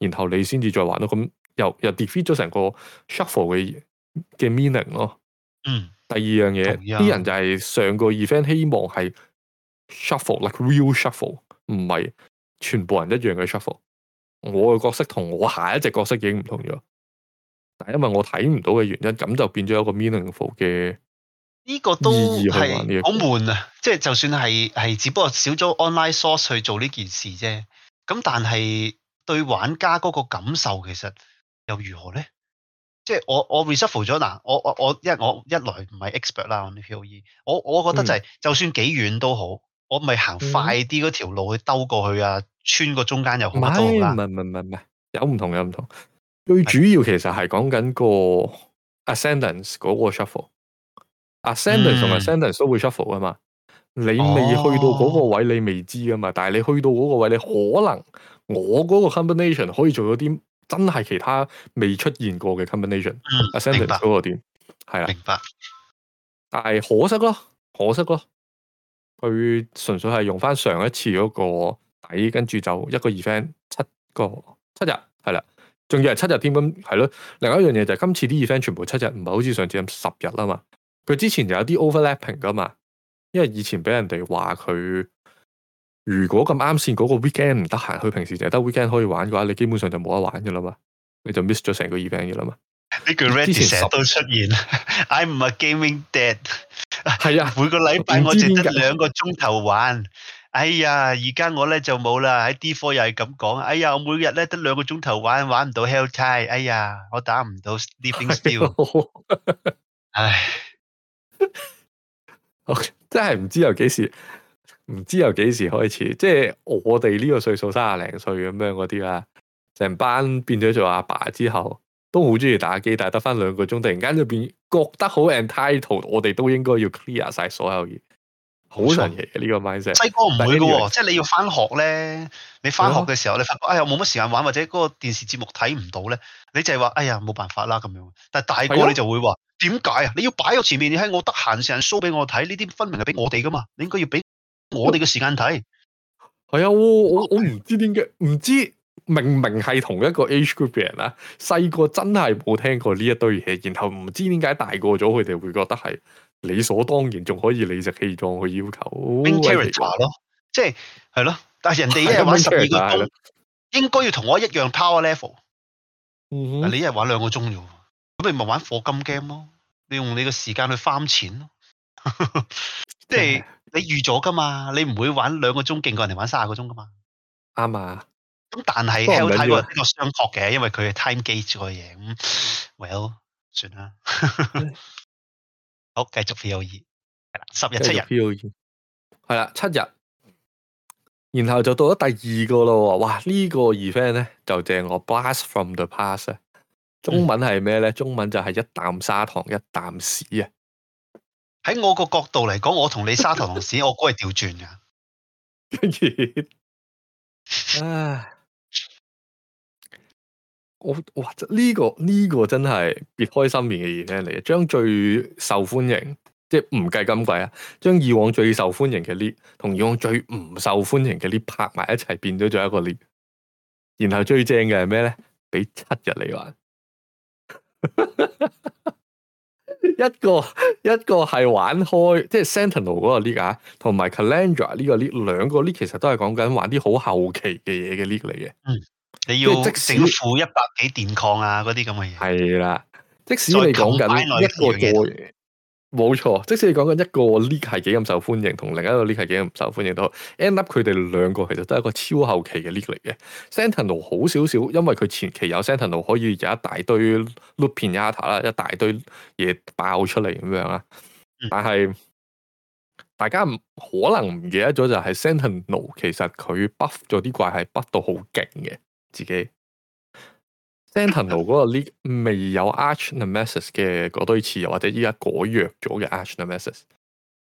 然後你先至再玩到咁又又 defeat 咗成個 shuffle 嘅嘅 meaning 咯。嗯。第二樣嘢，啲、啊、人就係上個 event 希望係 shuffle，like real shuffle，唔係全部人一樣嘅 shuffle。我嘅角色同我下一隻角色已經唔同咗，但係因為我睇唔到嘅原因，咁就變咗一個 meaningful 嘅，呢個都係好悶啊！即、就、係、是、就算係係，是只不過少咗 online source 去做呢件事啫。咁但係對玩家嗰個感受，其實又如何咧？即係我我 resuffle 咗嗱，我我我，我，我一我一來唔係 expert 啦，啲 POE 我我，我覺得就係就算幾遠都好，我咪行快啲嗰條路去兜過去啊，嗯、穿過中間又好多唔係唔係唔係唔係，有唔同有唔同，最主要其實係講緊個 ascendance 嗰個 shuffle, ascendance 同埋 ascendance 都會 shuffle 啊嘛。嗯、你未去到嗰個位你未知噶嘛，哦、但係你去到嗰個位你可能我嗰個 combination 可以做到啲。真係其他未出現過嘅 combination，ascendant 嗰個點係啦。明白，但係可惜咯，可惜咯。佢純粹係用翻上一次嗰個底，跟住就一個 event 七個七日係啦，仲要係七日添。咁係咯。另外一樣嘢就係今次啲 event 全部七日，唔係好似上次咁十日啊嘛。佢之前就有啲 overlapping 噶嘛，因為以前俾人哋話佢。如果咁啱先嗰個 weekend 唔得閒，佢平時淨係得 weekend 可以玩嘅話，你基本上就冇得玩嘅啦嘛，你就 miss 咗成個 event 嘅啦嘛。呢句 ready 成日都出現，I 唔係 gaming dead。係啊，每個禮拜我淨得兩個鐘頭玩。哎呀，而家我咧就冇啦。喺 D four 又係咁講。哎呀，我每日咧得兩個鐘頭玩，玩唔到 Hell Time。哎呀，我打唔到 Sleeping Still。唉，好真係唔知有幾時。唔知由幾時開始，即係我哋呢個歲數三廿零歲咁樣嗰啲啦，成班變咗做阿爸之後，都好中意打機，但係得翻兩個鐘，突然間就變覺得好 entitled，我哋都應該要 clear 晒所有嘢，好神奇嘅呢個 mindset。細個唔會噶，即係你要翻學咧，你翻學嘅時候，你發覺哎呀冇乜時間玩，或者個電視節目睇唔到咧，你就係話哎呀冇辦法啦咁樣。但係大個你就會話點解啊？你要擺到前面，你喺我得閒 show 俾我睇，呢啲分明係俾我哋噶嘛，嗯、你應該要俾。我哋嘅時間睇、嗯，係啊看，我我唔知點解，唔知明明係同一個 age group 嘅人啊，細個真係冇聽過呢一堆嘢，然後唔知點解大個咗佢哋會覺得係理所當然，仲可以理直氣壯去要求 Main Character 咯，即係係咯，但係人哋一日玩十二個鐘，yeah, Main 應該要同我一樣 power level，、嗯、哼你一日玩兩個鐘啫，咁你咪玩課金 game 咯，你用你嘅時間去翻錢咯。 即係你預咗噶嘛？你唔會玩兩個鐘勁過人哋玩卅個鐘噶嘛？啱啊、嗯！咁但係 h 睇 l l 太商榷嘅，因為佢 time gate 做嘅嘢。e l、well, l 算啦。 好，繼續 P.O.E。係啦，十日七日。係啦，七日。然後就到咗第二個咯。哇！這個 e、呢個 event 咧就正我 blast from the past 咧。中文係咩咧？嗯、中文就係一啖砂糖，一啖屎啊！喺我個角度嚟講，我同你沙糖同屎、 啊，我估係調轉噶。跟住，我哇，呢、這個呢、這個真係別開心面嘅嘢嚟，將最受歡迎，即係唔計今季啊，將以往最受歡迎嘅 lift 同以往最唔受歡迎嘅 lift 拍埋一齊，變咗咗一個 lift。然後最正嘅係咩咧？俾七日你玩。 一個一個係玩開，即係 Sentinel 嗰個 lead 啊，同埋 Calendar 呢個 lead，兩個呢，其實都係講緊玩啲好後期嘅嘢嘅 lead 嚟嘅。嗯，你要整、啊、即使負一百幾電抗啊，嗰啲咁嘅嘢。係啦，即使你講緊一個冇錯，即使你講緊一個 league 係幾咁受歡迎，同另一個 league 係幾咁唔受歡迎都好，End up 佢哋兩個其實都係一個超後期嘅 league 嚟嘅。Sentinel 好少少，因為佢前期有 Sentinel 可以有一大堆 loot piñata 啦，一大堆嘢爆出嚟咁樣啊。但係大家可能唔記得咗就係 Sentinel 其實佢 buff 咗啲怪係 buff 到好勁嘅自己。s 聖騰爐嗰個呢，未有 arch nemesis 嘅嗰堆詞，又或者依家改弱咗嘅 arch nemesis，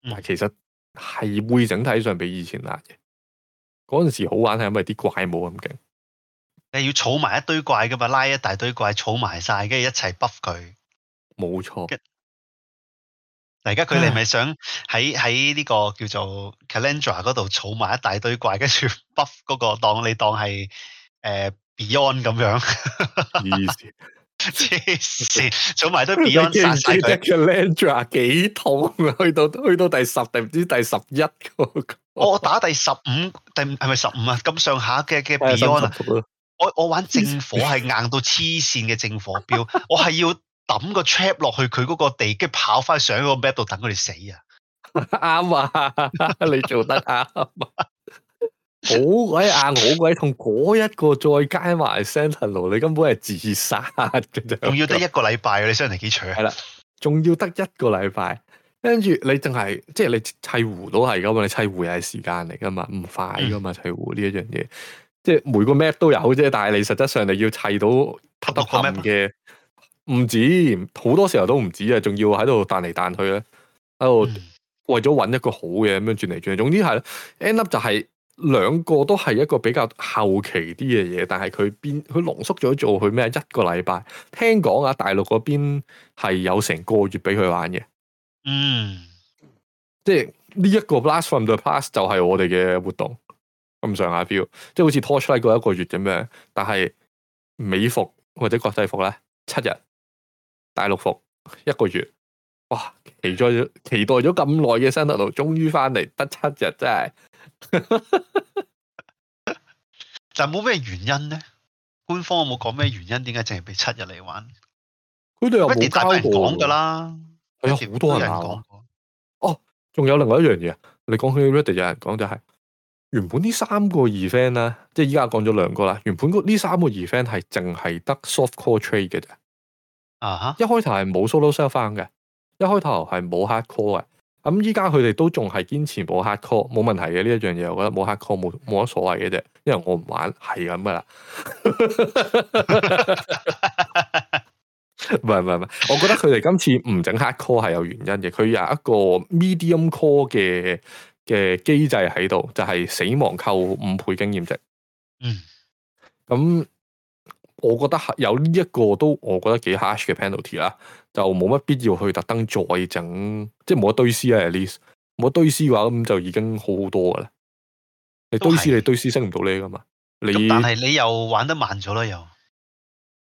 但係其實係會整體上比以前難嘅。嗰陣時好玩係因為啲怪冇咁勁，你要儲埋一堆怪噶嘛，拉一大堆怪儲埋晒，跟住一齊 buff 佢。冇錯錯。嗱，而家佢哋咪想喺喺呢個叫做 Kalandra 嗰度儲埋一大堆怪，跟住 buff 嗰、嗰個檔，你當係誒。呃 Beyond 咁樣，痴線，做埋都 Beyond 曬曬佢。幾痛啊！去到去到第十定唔知第十一、個、我打第十五，第係咪十五啊？咁上下嘅嘅 Beyond 啊！我我玩正火係硬到黐線嘅正火標， 我係要抌個 trap 落去佢嗰個地，跟住跑翻上嗰個 bad 度等佢哋死啊！啱啊，你做得啱啊！好鬼呀，好鬼痛，嗰、啊、一個再加埋 Sentinel，你根本係自殺嘅啫。仲 要得一個禮拜、啊、你升嚟幾脆係啦，仲要得一個禮拜。跟住你淨係即係你砌糊都係噶嘛，你砌糊又係時間嚟噶嘛，唔快噶嘛砌湖呢一樣嘢。即係每個 map 都有啫，但係你實質上你要砌到突破限嘅，唔止好多時候都唔止啊！仲要喺度彈嚟彈去咧，喺度、嗯、為咗揾一個好嘅咁樣轉嚟轉去。總之係啦，End Up 就係、是。兩個都係一個比較後期啲嘅嘢，但係佢邊佢濃縮咗做佢咩？一個禮拜，聽講啊，大陸嗰邊係有成個月俾佢玩嘅。嗯，即係呢一個 blast from the past 就係我哋嘅活動咁上下 feel，即係好似拖出嚟過一個月咁樣。但係美服或者國際服咧，七日，大陸服一個月，哇！期待期待咗咁耐嘅新套路，終於翻嚟得七日，真係～但冇咩原因咧？官方有冇講咩原因？點解淨係俾七日嚟玩？佢哋有冇講噶啦。有啊，好多人講。過哦，仲有另外一樣嘢，嗯、你講起 Reddit 有人講就係，原本呢三個 event 咧，即係依家講咗兩個啦。原本呢三個 event 係淨係得 soft core trade 嘅啫。啊哈、uh huh?！一開頭係冇 solo self found 翻嘅，一開頭係冇 hardcore 嘅。咁依家佢哋都仲係堅持冇黑 call，冇問題嘅呢一樣嘢， 我覺得冇黑 call 冇冇乜所謂嘅啫，因為我唔玩，係咁噶啦。唔係唔係，我覺得佢哋今次唔整黑 call 係有原因嘅，佢有一個 medium core 嘅嘅機制喺度，就係、是、死亡扣五倍經驗值。嗯，咁、嗯。我覺得有呢一個都，我覺得幾 harsh 嘅 penalty 啦，就冇乜必要去特登再整，即係冇一堆 C 啦、啊，at least 冇一堆 C 嘅話咁就已經好好多噶啦。你堆 C，是你堆 C 升唔到你噶嘛？你但係你又玩得慢咗啦，又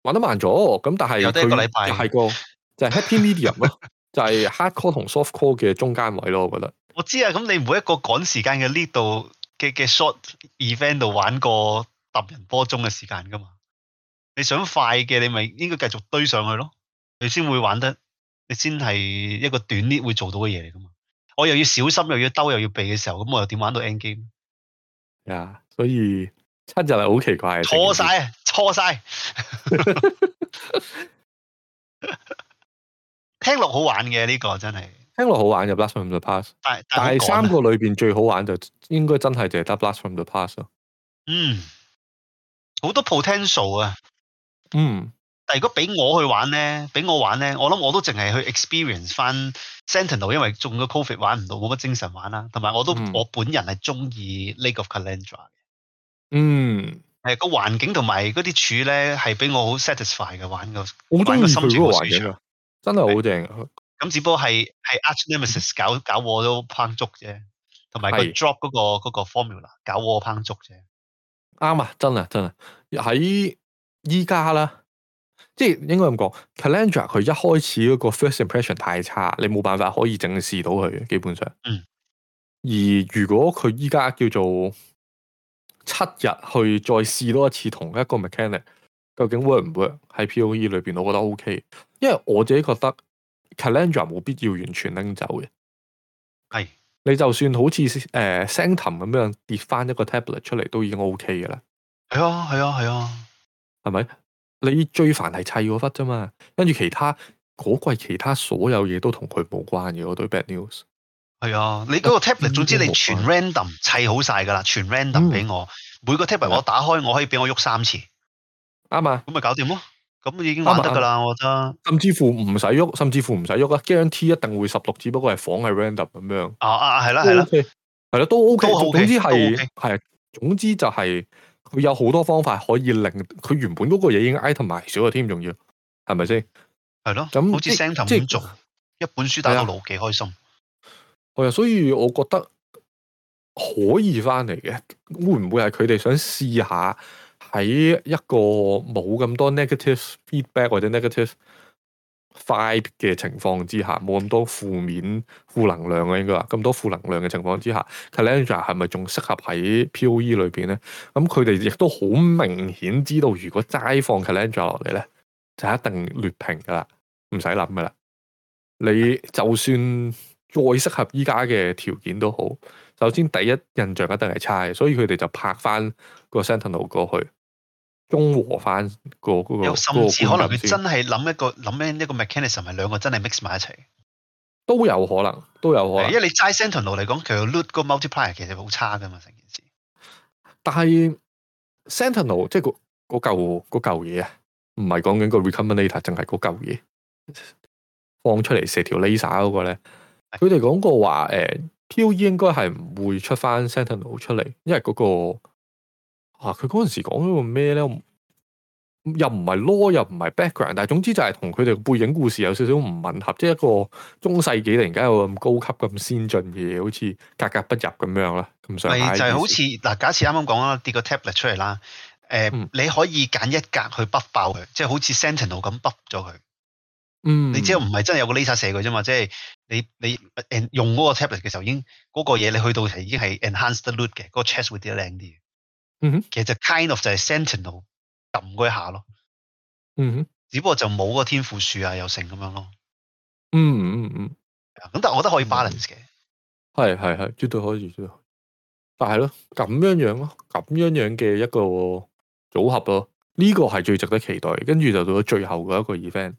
玩得慢咗。咁但係佢又得一個禮拜，係個就係、是、happy medium 咯， 就係 hard core 同 soft core 嘅中間位咯，我覺得。我知啊，咁你每一個趕時間嘅呢度嘅嘅 short event 度玩過揼人波鐘嘅時間噶嘛？你想快嘅，你咪應該繼續堆上去咯，你先會玩得，你先係一個短啲會做到嘅嘢嚟噶嘛。我又要小心，又要兜，又要避嘅時候，咁我又點玩到 end game？啊，yeah, 所以真就係好奇怪啊！錯晒了，錯晒，聽落好玩嘅呢、這個真係聽落好玩。就 blast from the past 但但 s 但係三個裏邊最好玩就應該真係就係打 blast from the past 咯。嗯，好多 potential 啊！嗯，但係如果俾我去玩咧，俾我玩咧，我諗我都淨係去 experience 翻 Sentinel，因為中咗 Covid 玩唔到，冇乜精神玩啦。同埋我都、嗯、我本人係中意呢個 Lake of Kalandra 嘅。嗯、係個環境同埋嗰啲柱咧，係俾我好 satisfy 嘅玩個，好中意佢個環境，真係好正。咁只不過係係 Arch、嗯、nemesis 搞搞我都烹足啫，同埋個 drop 嗰、嗰個嗰是個 formula 搞我烹足啫。啱啊，真啊真啊，喺。依家啦，即係應該咁講、嗯，Kalandra 佢一開始嗰個 first impression 太差，你冇辦法可以正視到佢，基本上。嗯。而如果佢依家叫做七日去再試多一次同一個 mechanic，究竟 work 唔 work 喺 P.O.E 裏邊，我覺得 O.K.，因為我自己覺得 Kalandra 冇必要完全拎走嘅。係是。你就算好似誒 Sanctum 咁樣跌翻一個 tablet 出嚟，都已經 O.K. 嘅啦。係啊！係啊！係啊！係咪？你最煩係砌嗰忽啫嘛，跟住其他嗰季其他所有嘢都同佢冇關嘅嗰堆 bad news。係啊，你嗰個 tablet，總之你全 random 砌好晒噶啦，全 random 俾我。每個 tablet 我打開，我可以俾我喐三次。啱啊，咁咪搞掂咯。咁已經玩得噶啦，我覺得。甚至乎唔使喐，甚至乎唔使喐啊！Gent 一定會十六，只不過係仿係 random 咁樣。啊啊，係啦係啦，係啦都 OK，都 o 總之係係，總之就係。佢有好多方法可以令佢原本嗰個嘢已經 item 埋少咗添，仲要係咪先？係咯，咁的那好似 Sound 咁做，像一本書打到冇，幾開心。係啊，所以我覺得可以翻嚟嘅，會唔會係佢哋想試下喺一個冇咁多 negative feedback 或者 negative？快嘅情況之下，冇咁多負面負能量啊，應該話咁多負能量嘅情況之下，Kalandra 係咪仲適合喺 POE 裏邊咧？咁佢哋亦都好明顯知道，如果齋放 Kalandra 落嚟咧，就一定劣評噶啦，唔使諗噶啦。你就算再適合依家嘅條件都好，首先第一印象一定係差嘅，所以佢哋就拍翻個 Sentinel 過去。中和翻個嗰個，有甚至可能佢真係諗一個諗咩一個，個 mechanism，係兩個真係 mix 埋一齊，都有可能，都有可能。因為你齋 sentinel 嚟講，佢個 root 個 multiplier 其實好差噶嘛，成件事。但係 sentinel 即係、那個嗰嚿嗰嚿嘢啊，唔係講緊個 recombinator 淨係嗰嚿嘢放出嚟射條 laser 嗰個咧。佢哋講過話，誒、呃、poe 應該係唔會出翻 sentinel 出嚟，因為嗰、那個。啊！佢嗰陣時講咗個咩咧？又唔係 law，又唔係 background，但係總之就係同佢哋個背景故事有少少唔吻合，即係一個中世紀突然間有咁高級、咁先進嘅嘢，好似格格不入咁樣啦。咁所以就係、是、好似嗱，假設啱啱講啦，跌、個 tablet 出嚟啦，誒、呃，嗯、你可以揀一格去 buff 爆佢，即係好似 Sentinel 咁 buff 咗佢。嗯。你即係唔係真係有個 laser 射佢啫嘛？即係你你用嗰個 tablet 嘅時候，已經嗰、嗰個嘢你去到係已經係 enhanced loot 嘅，嗰、嗰個 chest 會跌得靚啲。嗯、哼其實 kind of 就係 sentinel 揼嗰一下咯，嗯哼，只不過就冇個天賦樹啊，又成咁樣咯，嗯，嗯嗯嗯，咁但係我覺得可以 balance 嘅，係係係絕對可以絕對可以，但係咯咁樣樣咯，咁樣樣嘅一個組合咯，呢個係最值得期待，跟住就到咗最後嘅一個 event，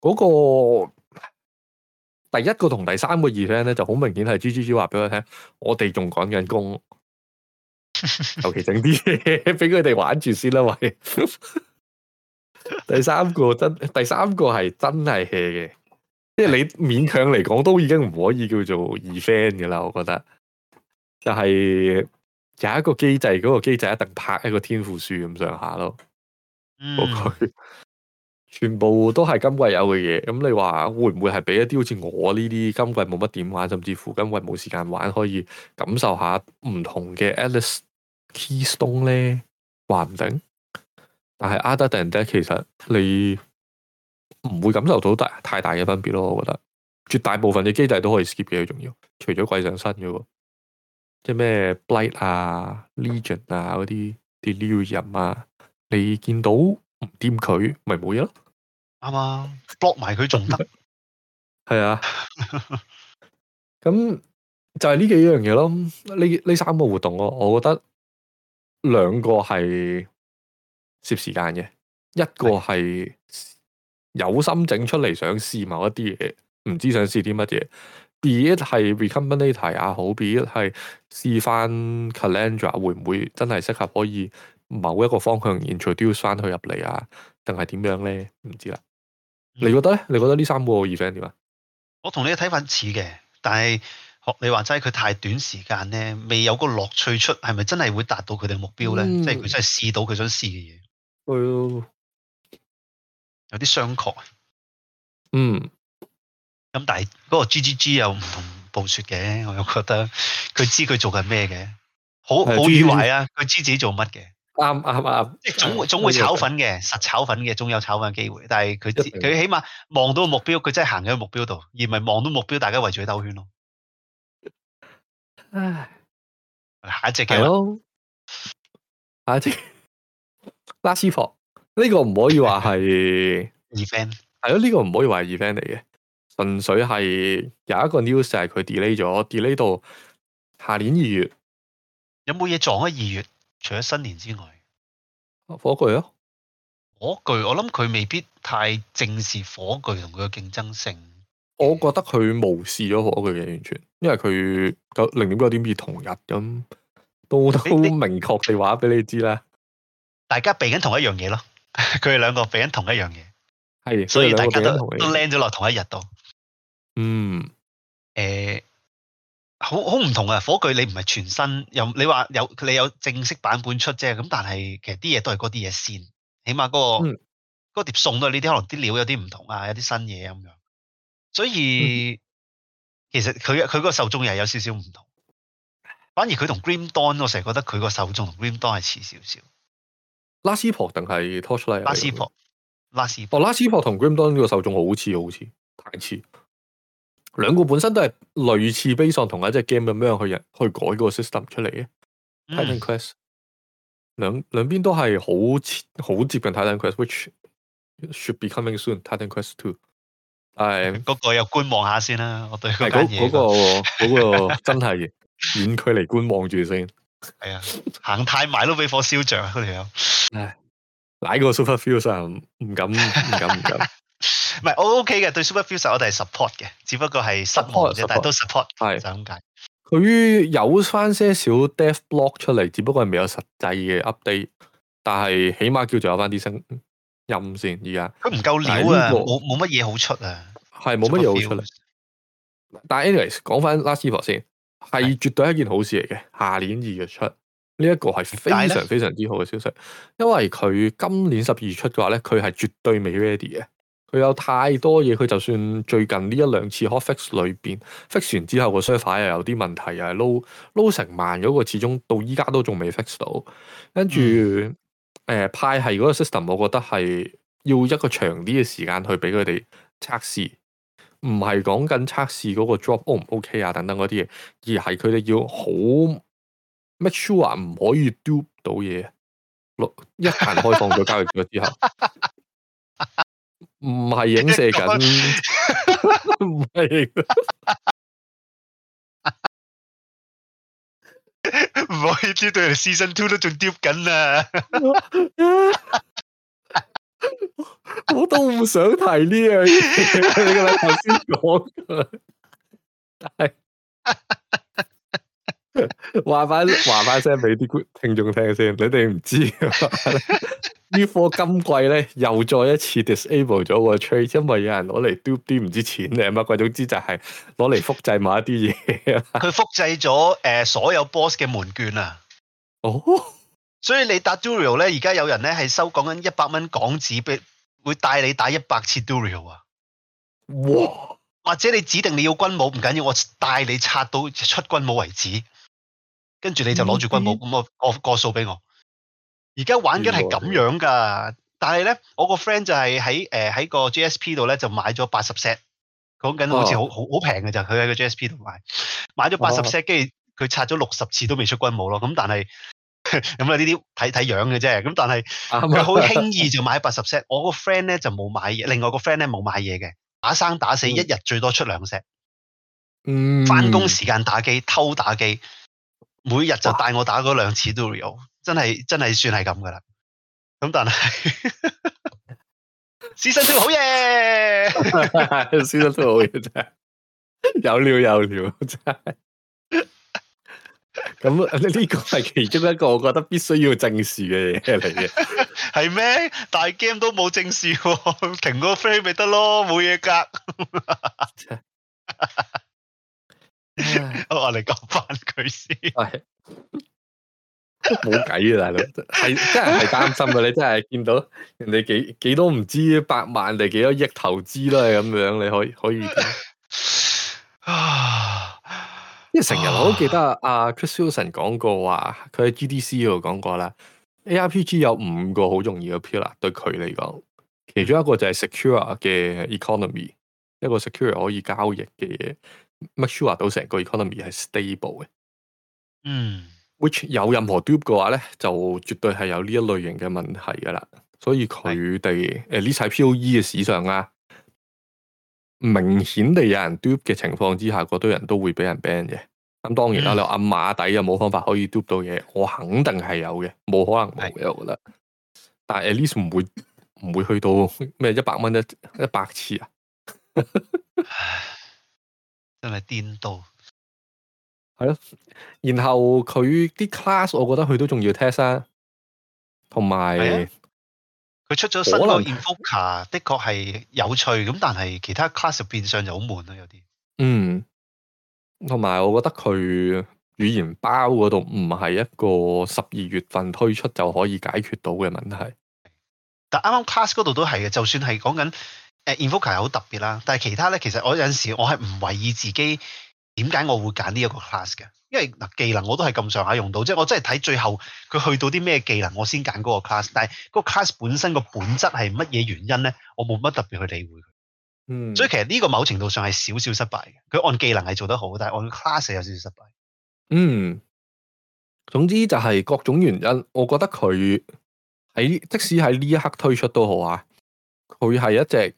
嗰個第一個同第三個 event 咧就好明顯係 G G G 話俾我聽，我哋仲趕緊工。後期整啲俾佢哋玩住先啦，喂！第三個真，第三個係真係嘅，即係你勉強嚟講都已經唔可以叫做 event 嘅啦。我覺得，就係、是、有一個機制，嗰、那個機制一定拍一個天賦樹咁上下咯。嗯、那個，好佢全部都係今季有嘅嘢，咁你話會唔會係俾一啲好似我呢啲今季冇乜點玩，甚至乎今季冇時間玩，可以感受下唔同嘅 Alice。Keystone 咧，話唔定，但係 Other than that，其實你唔會感受到大太大嘅分別咯。我覺得絕大部分嘅機制都可以 skip 嘅，最重要，除咗鬼上身嘅喎，即係咩 Blight 啊、Legion 啊嗰啲 Delirium 啊，你見到唔掂佢，咪冇嘢咯，啱啊，block 埋佢仲得，係啊，咁就係呢幾樣嘢咯，呢呢三個活動我、啊、我覺得。兩個係攝時間嘅，一個係有心整出嚟想試某一啲嘢，唔知想試啲乜嘢。B 係 recombinate 題啊，好 B 係試翻 calendar 會唔會真係適合可以某一個方向 introduce 翻佢入嚟啊？定係點樣咧？唔知啦。你覺得咧？你覺得呢覺得三個 event 點啊？我同你嘅睇法似嘅，但係。學你話齋，佢太短時間咧，未有個樂趣出，係咪真係會達到佢哋目標咧？即係佢真係試到佢想試嘅嘢，有啲商榷。嗯。咁但係嗰個 G G G 又唔同暴雪嘅，我又覺得佢知佢做緊咩嘅，好好以為啊，佢、嗯、知自己做乜嘅。啱啱啱，即係總總會炒粉嘅，對實炒粉嘅，總有炒粉嘅機會。但係佢佢起碼望到目標，佢真係行喺個目標度，而唔係望到目標，大家圍住佢兜圈咯。唉，下一隻嘅咯，下一隻 Last Epoch 呢個唔可以話係 event，係咯，呢個唔可以話係 event 嚟嘅，純粹係有一個 news 係佢 delay 咗，delay 到下年二月。有冇嘢撞喺二月？除咗新年之外，火炬咯，火炬我諗佢未必太正視火炬同佢嘅競爭性。我覺得佢無視咗火炬嘅完全，因為佢九零點九點二同日咁，都都明確地話俾你知咧。大家比緊同一樣嘢咯，佢哋兩個比緊同一樣嘢，係所以大家都都 len 咗落同一日度。都同天嗯，誒、欸，好好唔同啊！火炬你唔係全新，又你話有你有正式版本出啫，咁但係其實啲嘢都係嗰啲嘢先，起碼、那個嗯、個碟送到呢啲可能啲料有啲唔同啊，有啲新嘢咁樣。所以、嗯、其實佢佢個受眾又有少少唔同，反而佢同 Grim Dawn 我成日覺得佢個受眾同 Grim Dawn 係似少少。Last Epoch 定係 Torchlight？Last Epoch？拉斯哦，Last Epoch 同 Grim Dawn 呢個受眾好似好似，好似太似，兩個本身都係類似 based on 同一隻 game 咁樣去去改嗰個 system 出嚟嘅。嗯、Titan Quest 兩兩邊都係好似好接近 Titan Quest，which should be coming soon，Titan Quest two。係嗰、哎、個又觀望一下先啦、啊，我對佢間、那個、那個真係遠距離觀望住先。係 啊，行太埋都俾火燒着、啊，哋、那、樣、個。唉、 哎，舐個 super fusion 唔敢唔敢唔敢。唔係 我 OK 嘅，對 super fusion 我係 support 嘅，只不過係 support 但係都 support 係就咁是解。佢有翻些少 death block 出嚟，只不過係未有實際嘅 update，但係起碼叫做有翻啲聲。任先而家，佢唔夠料啊！冇冇乜嘢好出啊！係冇乜嘢好出嚟。出但 anyways，講翻 Last Epoch 先，係絕對係一件好事嚟嘅。下年二月出呢一、這個係非常非常之好嘅消息，為因為佢今年十二月出嘅話咧，佢係絕對未 ready 嘅。佢有太多嘢，佢就算最近呢一兩次 hotfix 裏邊、嗯、fix 完之後個 server 又有啲問題，又係撈撈成慢咗個，始終到依家都仲未 fix 到，跟住。嗯誒、呃、派係嗰個 system，我覺得係要一個長啲嘅時間去俾佢哋測試，唔係講緊測試嗰個 drop O 唔 OK 啊等等嗰啲嘢，而係佢哋要好 mature 唔可以 dupe 到嘢，一旦開放咗交易之後，唔係影射緊，唔係。我知對人 season two 都仲釣緊啊！我都唔想提呢樣嘢，你頭先講㗎，但係。話翻話翻聲俾啲觀眾聽先，你哋唔知呢貨 今季咧又再一次 disable 咗個 trade，因為有人攞嚟 dup 啲唔知錢嘅，乜鬼？總之就係攞嚟複製某一啲嘢。佢複製咗誒所有 boss 嘅門券啊！哦，oh? 所以你打 Duriel 咧，而家有人咧係收講緊一百蚊港紙俾，會帶你打一百次 Duriel 啊！哇！Oh? 或者你指定你要軍武唔緊要，我帶你刷到出軍武為止。跟住你就攞住軍帽咁我個個數俾我。而家玩緊係咁樣噶，嗯嗯、但係咧，我、呃、個 friend 就係喺誒喺個 GSP 度咧就買咗八十 set，講緊好似好好好平嘅咋。佢喺、哦、個 GSP 度買，買咗八十 set，跟住佢拆咗六十次都未出軍帽咯。咁但係咁啊呢啲睇睇樣嘅啫。咁但係佢好輕易就買八十 set。嗯、我個 friend 咧就冇買嘢，另外個 friend 咧冇買嘢嘅，打生打死一日最多出兩 set。嗯。翻工時間打機，偷打機。每日就帶我打嗰兩次都有哇，真係真係算係咁噶啦。咁但係，試身都好嘢，試身都好嘢，真係 有料有料，真係。咁呢個係其中一個，我覺得必須要正視嘅嘢嚟嘅。係 咩？大 game 都冇正視、啊，停個 frame 咪得咯，冇嘢噶。 我哋講翻佢先說，冇計啊，大佬係真係擔心噶。你真係見到人哋幾幾，幾多唔知百萬定幾多億投資啦，咁樣你可以可以點？ 因為成日我都記得阿 Chris Wilson 講過話，佢喺 GDC 度講過啦。A R P G 有五個好重要嘅 pillar，對佢嚟講，其中一個就係 secure 嘅 economy，一個 secure 可以交易嘅嘢。make sure 到成個 economy 係 stable 嘅、嗯，嗯，which 有任何 dup 嘅話咧，就絕對係有呢一類型嘅問題噶啦。所以佢哋 at least 喺 Poe 嘅史上啊，明顯地有人 dup 嘅情況之下，好多人都會俾人 ban 嘅。咁當然啦，你話暗馬底又冇方法可以 dup 到嘢，我肯定係有嘅，冇可能冇嘅，我覺得。但係 at least 唔會唔會去到咩一百蚊一一百次啊？係咪顛倒？係咯，然後佢啲 class，我覺得佢都仲要 test 啊，同埋佢出咗新個 infocard，的確係有趣，咁但係其他 class 就變相就好悶咯，有啲。嗯，同埋我覺得佢語言包嗰度唔係一個十二月份推出就可以解決到嘅問題。但啱啱 class 嗰度都係嘅，就算係講緊。誒，Invoker 係好特別啦，但係其他咧，其實我有陣時我係唔為意自己點解我會揀呢一個 class 嘅，因為嗱技能我都係咁上下用到，即係我真係睇最後佢去到啲咩技能，我先揀嗰個 class。但係嗰個 class 本身個本質係乜嘢原因咧，我冇乜特別去理會佢。嗯。所以其實呢個某程度上係少少失敗嘅，佢按技能係做得好，但係按 class 係有少少失敗。嗯。總之就係各種原因，我覺得佢喺即使喺呢一刻推出都好啊，佢係一隻。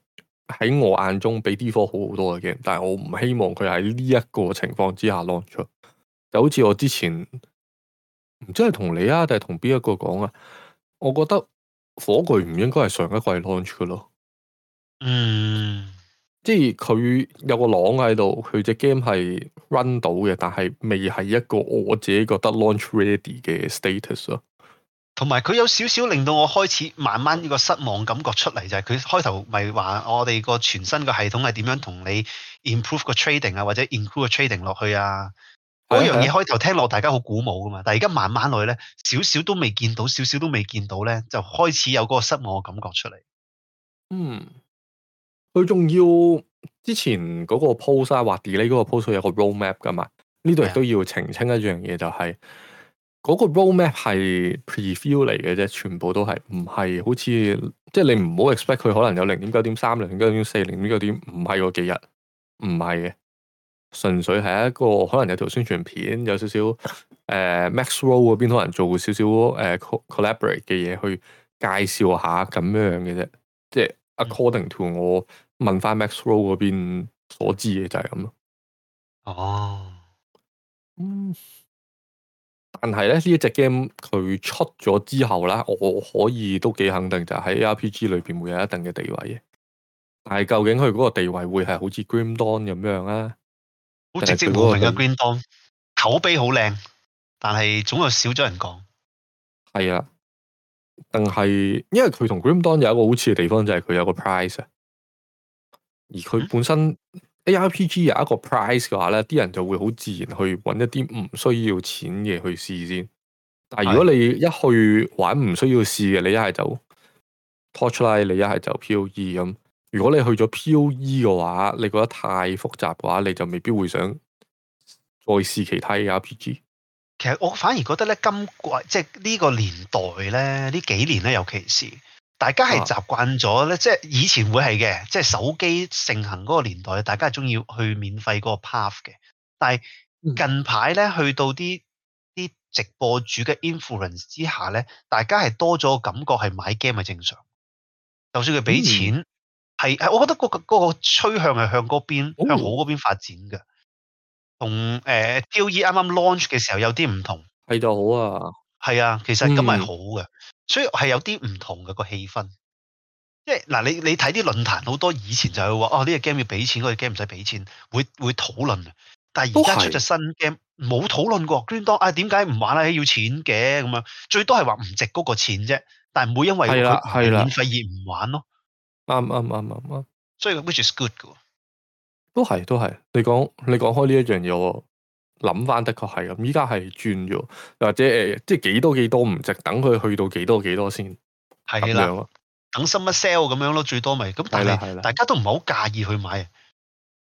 喺我眼中比 D4 好好多嘅 game，但係我唔希望佢喺呢一個情況之下 launch，就好似我之前唔知係同你啊，定係同邊一個講？啊？我覺得火炬唔應該係上一季 launch 嘅咯，嗯，即係佢有個廊喺度，佢隻 game 係 run 到嘅，但係未係一個我自己覺得 launch ready 嘅 status 咯。同埋佢有少少令到我開始慢慢呢個失望感覺出嚟，就係佢開頭咪話我哋個全新嘅系統係點樣同你 improve 個 trading 啊，或者 include 個 trading 落去啊，嗰樣嘢開頭聽落大家好鼓舞噶嘛，但係而家慢慢落去咧，少少都未見到，少少都未見到咧，就開始有嗰個失望嘅感覺出嚟。嗯，佢仲要之前嗰個 post 啊，或 delay 嗰個 post 有個 roadmap 噶嘛，呢度亦都要澄清一樣嘢就係、是。嗰個 roadmap 係 preview 嚟嘅啫，全部都係唔係好似即係你唔好 expect 佢可能有零點九點三、零點九點四、零點九點，唔係嗰幾日，唔係嘅，純粹係一個可能有條宣傳片，有少少誒、呃、Max Roll 嗰邊可能做少少誒、呃、collaborate 嘅嘢去介紹下咁樣嘅啫，即係 according to 我問翻 Max Roll 嗰邊所知嘅就係咁咯。哦、啊，嗯。但係咧呢一隻 game 佢出咗之後啦，我可以都幾肯定就喺 ARPG 裏邊會有一定嘅地位嘅。但係究竟佢嗰個地位會係好似 Grim Dawn 咁樣啊？好正直接冇，那個、名嘅 Grim Dawn，口碑好靚，但係總有少咗人講。係啊，但係因為佢同 Grim Dawn 有一個好似嘅地方就係、是、佢有個 price，而佢本身。嗯 A R P G 有一個 price 嘅話咧，啲人就會好自然去揾一啲唔需要錢嘅去試先。但係如果你一去玩唔需要試嘅，你一係就 Torchlight，你一係就 P O E 咁。如果你去咗 P O E 嘅話，你覺得太複雜嘅話，你就未必會想再試其他 A R P G。其實我反而覺得咧，今季即係呢個年代咧，呢幾年咧，尤其是……大家係習慣咗咧，即係以前會係嘅，即係手機盛行嗰個年代，大家係中意去免費嗰個 path 嘅。但係近排咧，去到啲啲直播主嘅 influence 之下咧，大家係多咗感覺係買 game 係正常，就算佢俾錢，係、嗯、我覺得嗰、嗰個嗰、嗰個、趨向係向嗰邊、嗯、向好嗰邊發展嘅。同、呃、d TLE 啱啱 launch 嘅時候有啲唔同，係就好啊，係啊，其實咁係好嘅。嗯嗯。所以係有啲唔同嘅個氣氛，即係嗱，你你睇啲論壇，好多以前就係話，哦，呢個 game 要俾錢，嗰個 game 唔使俾錢，會會討論。但係而家出咗新 game，冇討論過，捐多啊？點解唔玩咧？要錢嘅咁樣，最多係話唔值嗰個錢啫。但係唔會因為佢係免費而唔玩咯。啱啱啱啱啱，對對對，所以 which is good 嘅，都係都係。你講你講開呢一樣嘢，話諗翻的確係咁，依家係轉咗，或者誒，即、呃、係幾多幾多唔值，等佢去到幾多幾多先，係啦，等 something sell 咁樣咯，最多咪咁。但係大家都唔係好介意去買，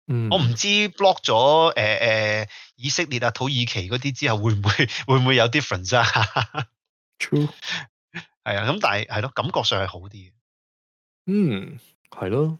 嗯、我唔知 block 咗誒誒以色列啊、土耳其嗰啲之後會唔會會唔會有 difference 啊 ？True，係啊，咁但係係咯，感覺上係好啲嘅，嗯，係咯。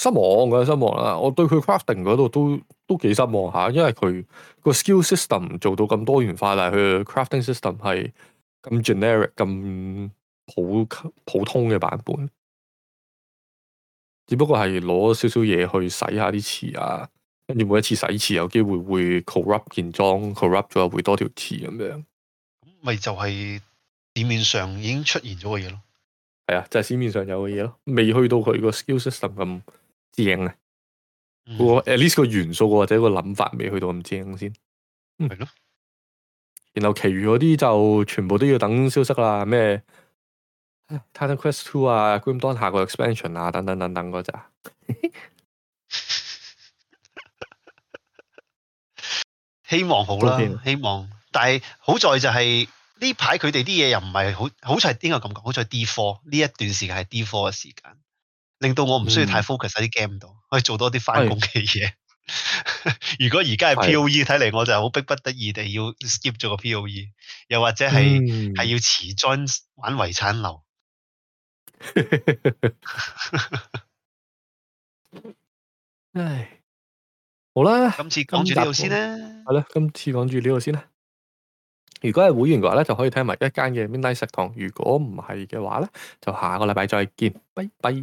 失望嘅，失望啦！我對佢 crafting 嗰度都都幾失望下，因為佢個 skill system 做到咁多元化啦，佢 crafting system 係咁 generic、咁普普通嘅版本，只不過係攞少少嘢去洗下啲詞啊，跟住每一次洗詞有機會會 corrupt 件裝，corrupt 咗會多條詞咁樣，咪就係市面上已經出現咗嘅嘢咯，係啊，就係、是、市面上有嘅嘢咯，未去到佢個 skill system 咁。正啊！我 at least 個元素或者個諗法未去到咁正先，唔係咯。然後其餘嗰啲就全部都要等消息啦。咩《Titan Quest Two》啊，《Grim Dawn》下個 expansion 啊，等等等等嗰隻。 希望好啦，片希望。但係好在就係呢排佢哋啲嘢又唔係好，好在呢個感覺，好在 D Four 呢一段時間係 D Four 嘅時間。令到我唔需要太 focus 啲 game 度，可以、嗯、做多啲翻工嘅嘢。是 如果而家係 P O E 睇嚟是，我就好逼不得已地要 skip 咗個 P O E，又或者係係、嗯、要持莊玩遺產流。唉，好啦，今次講住呢度先啦。好啦，今次講住呢度先啦。如果係會員嘅話咧，就可以聽埋一間嘅 Midnight 食堂。如果唔係嘅話咧，就下個禮拜再見。拜拜。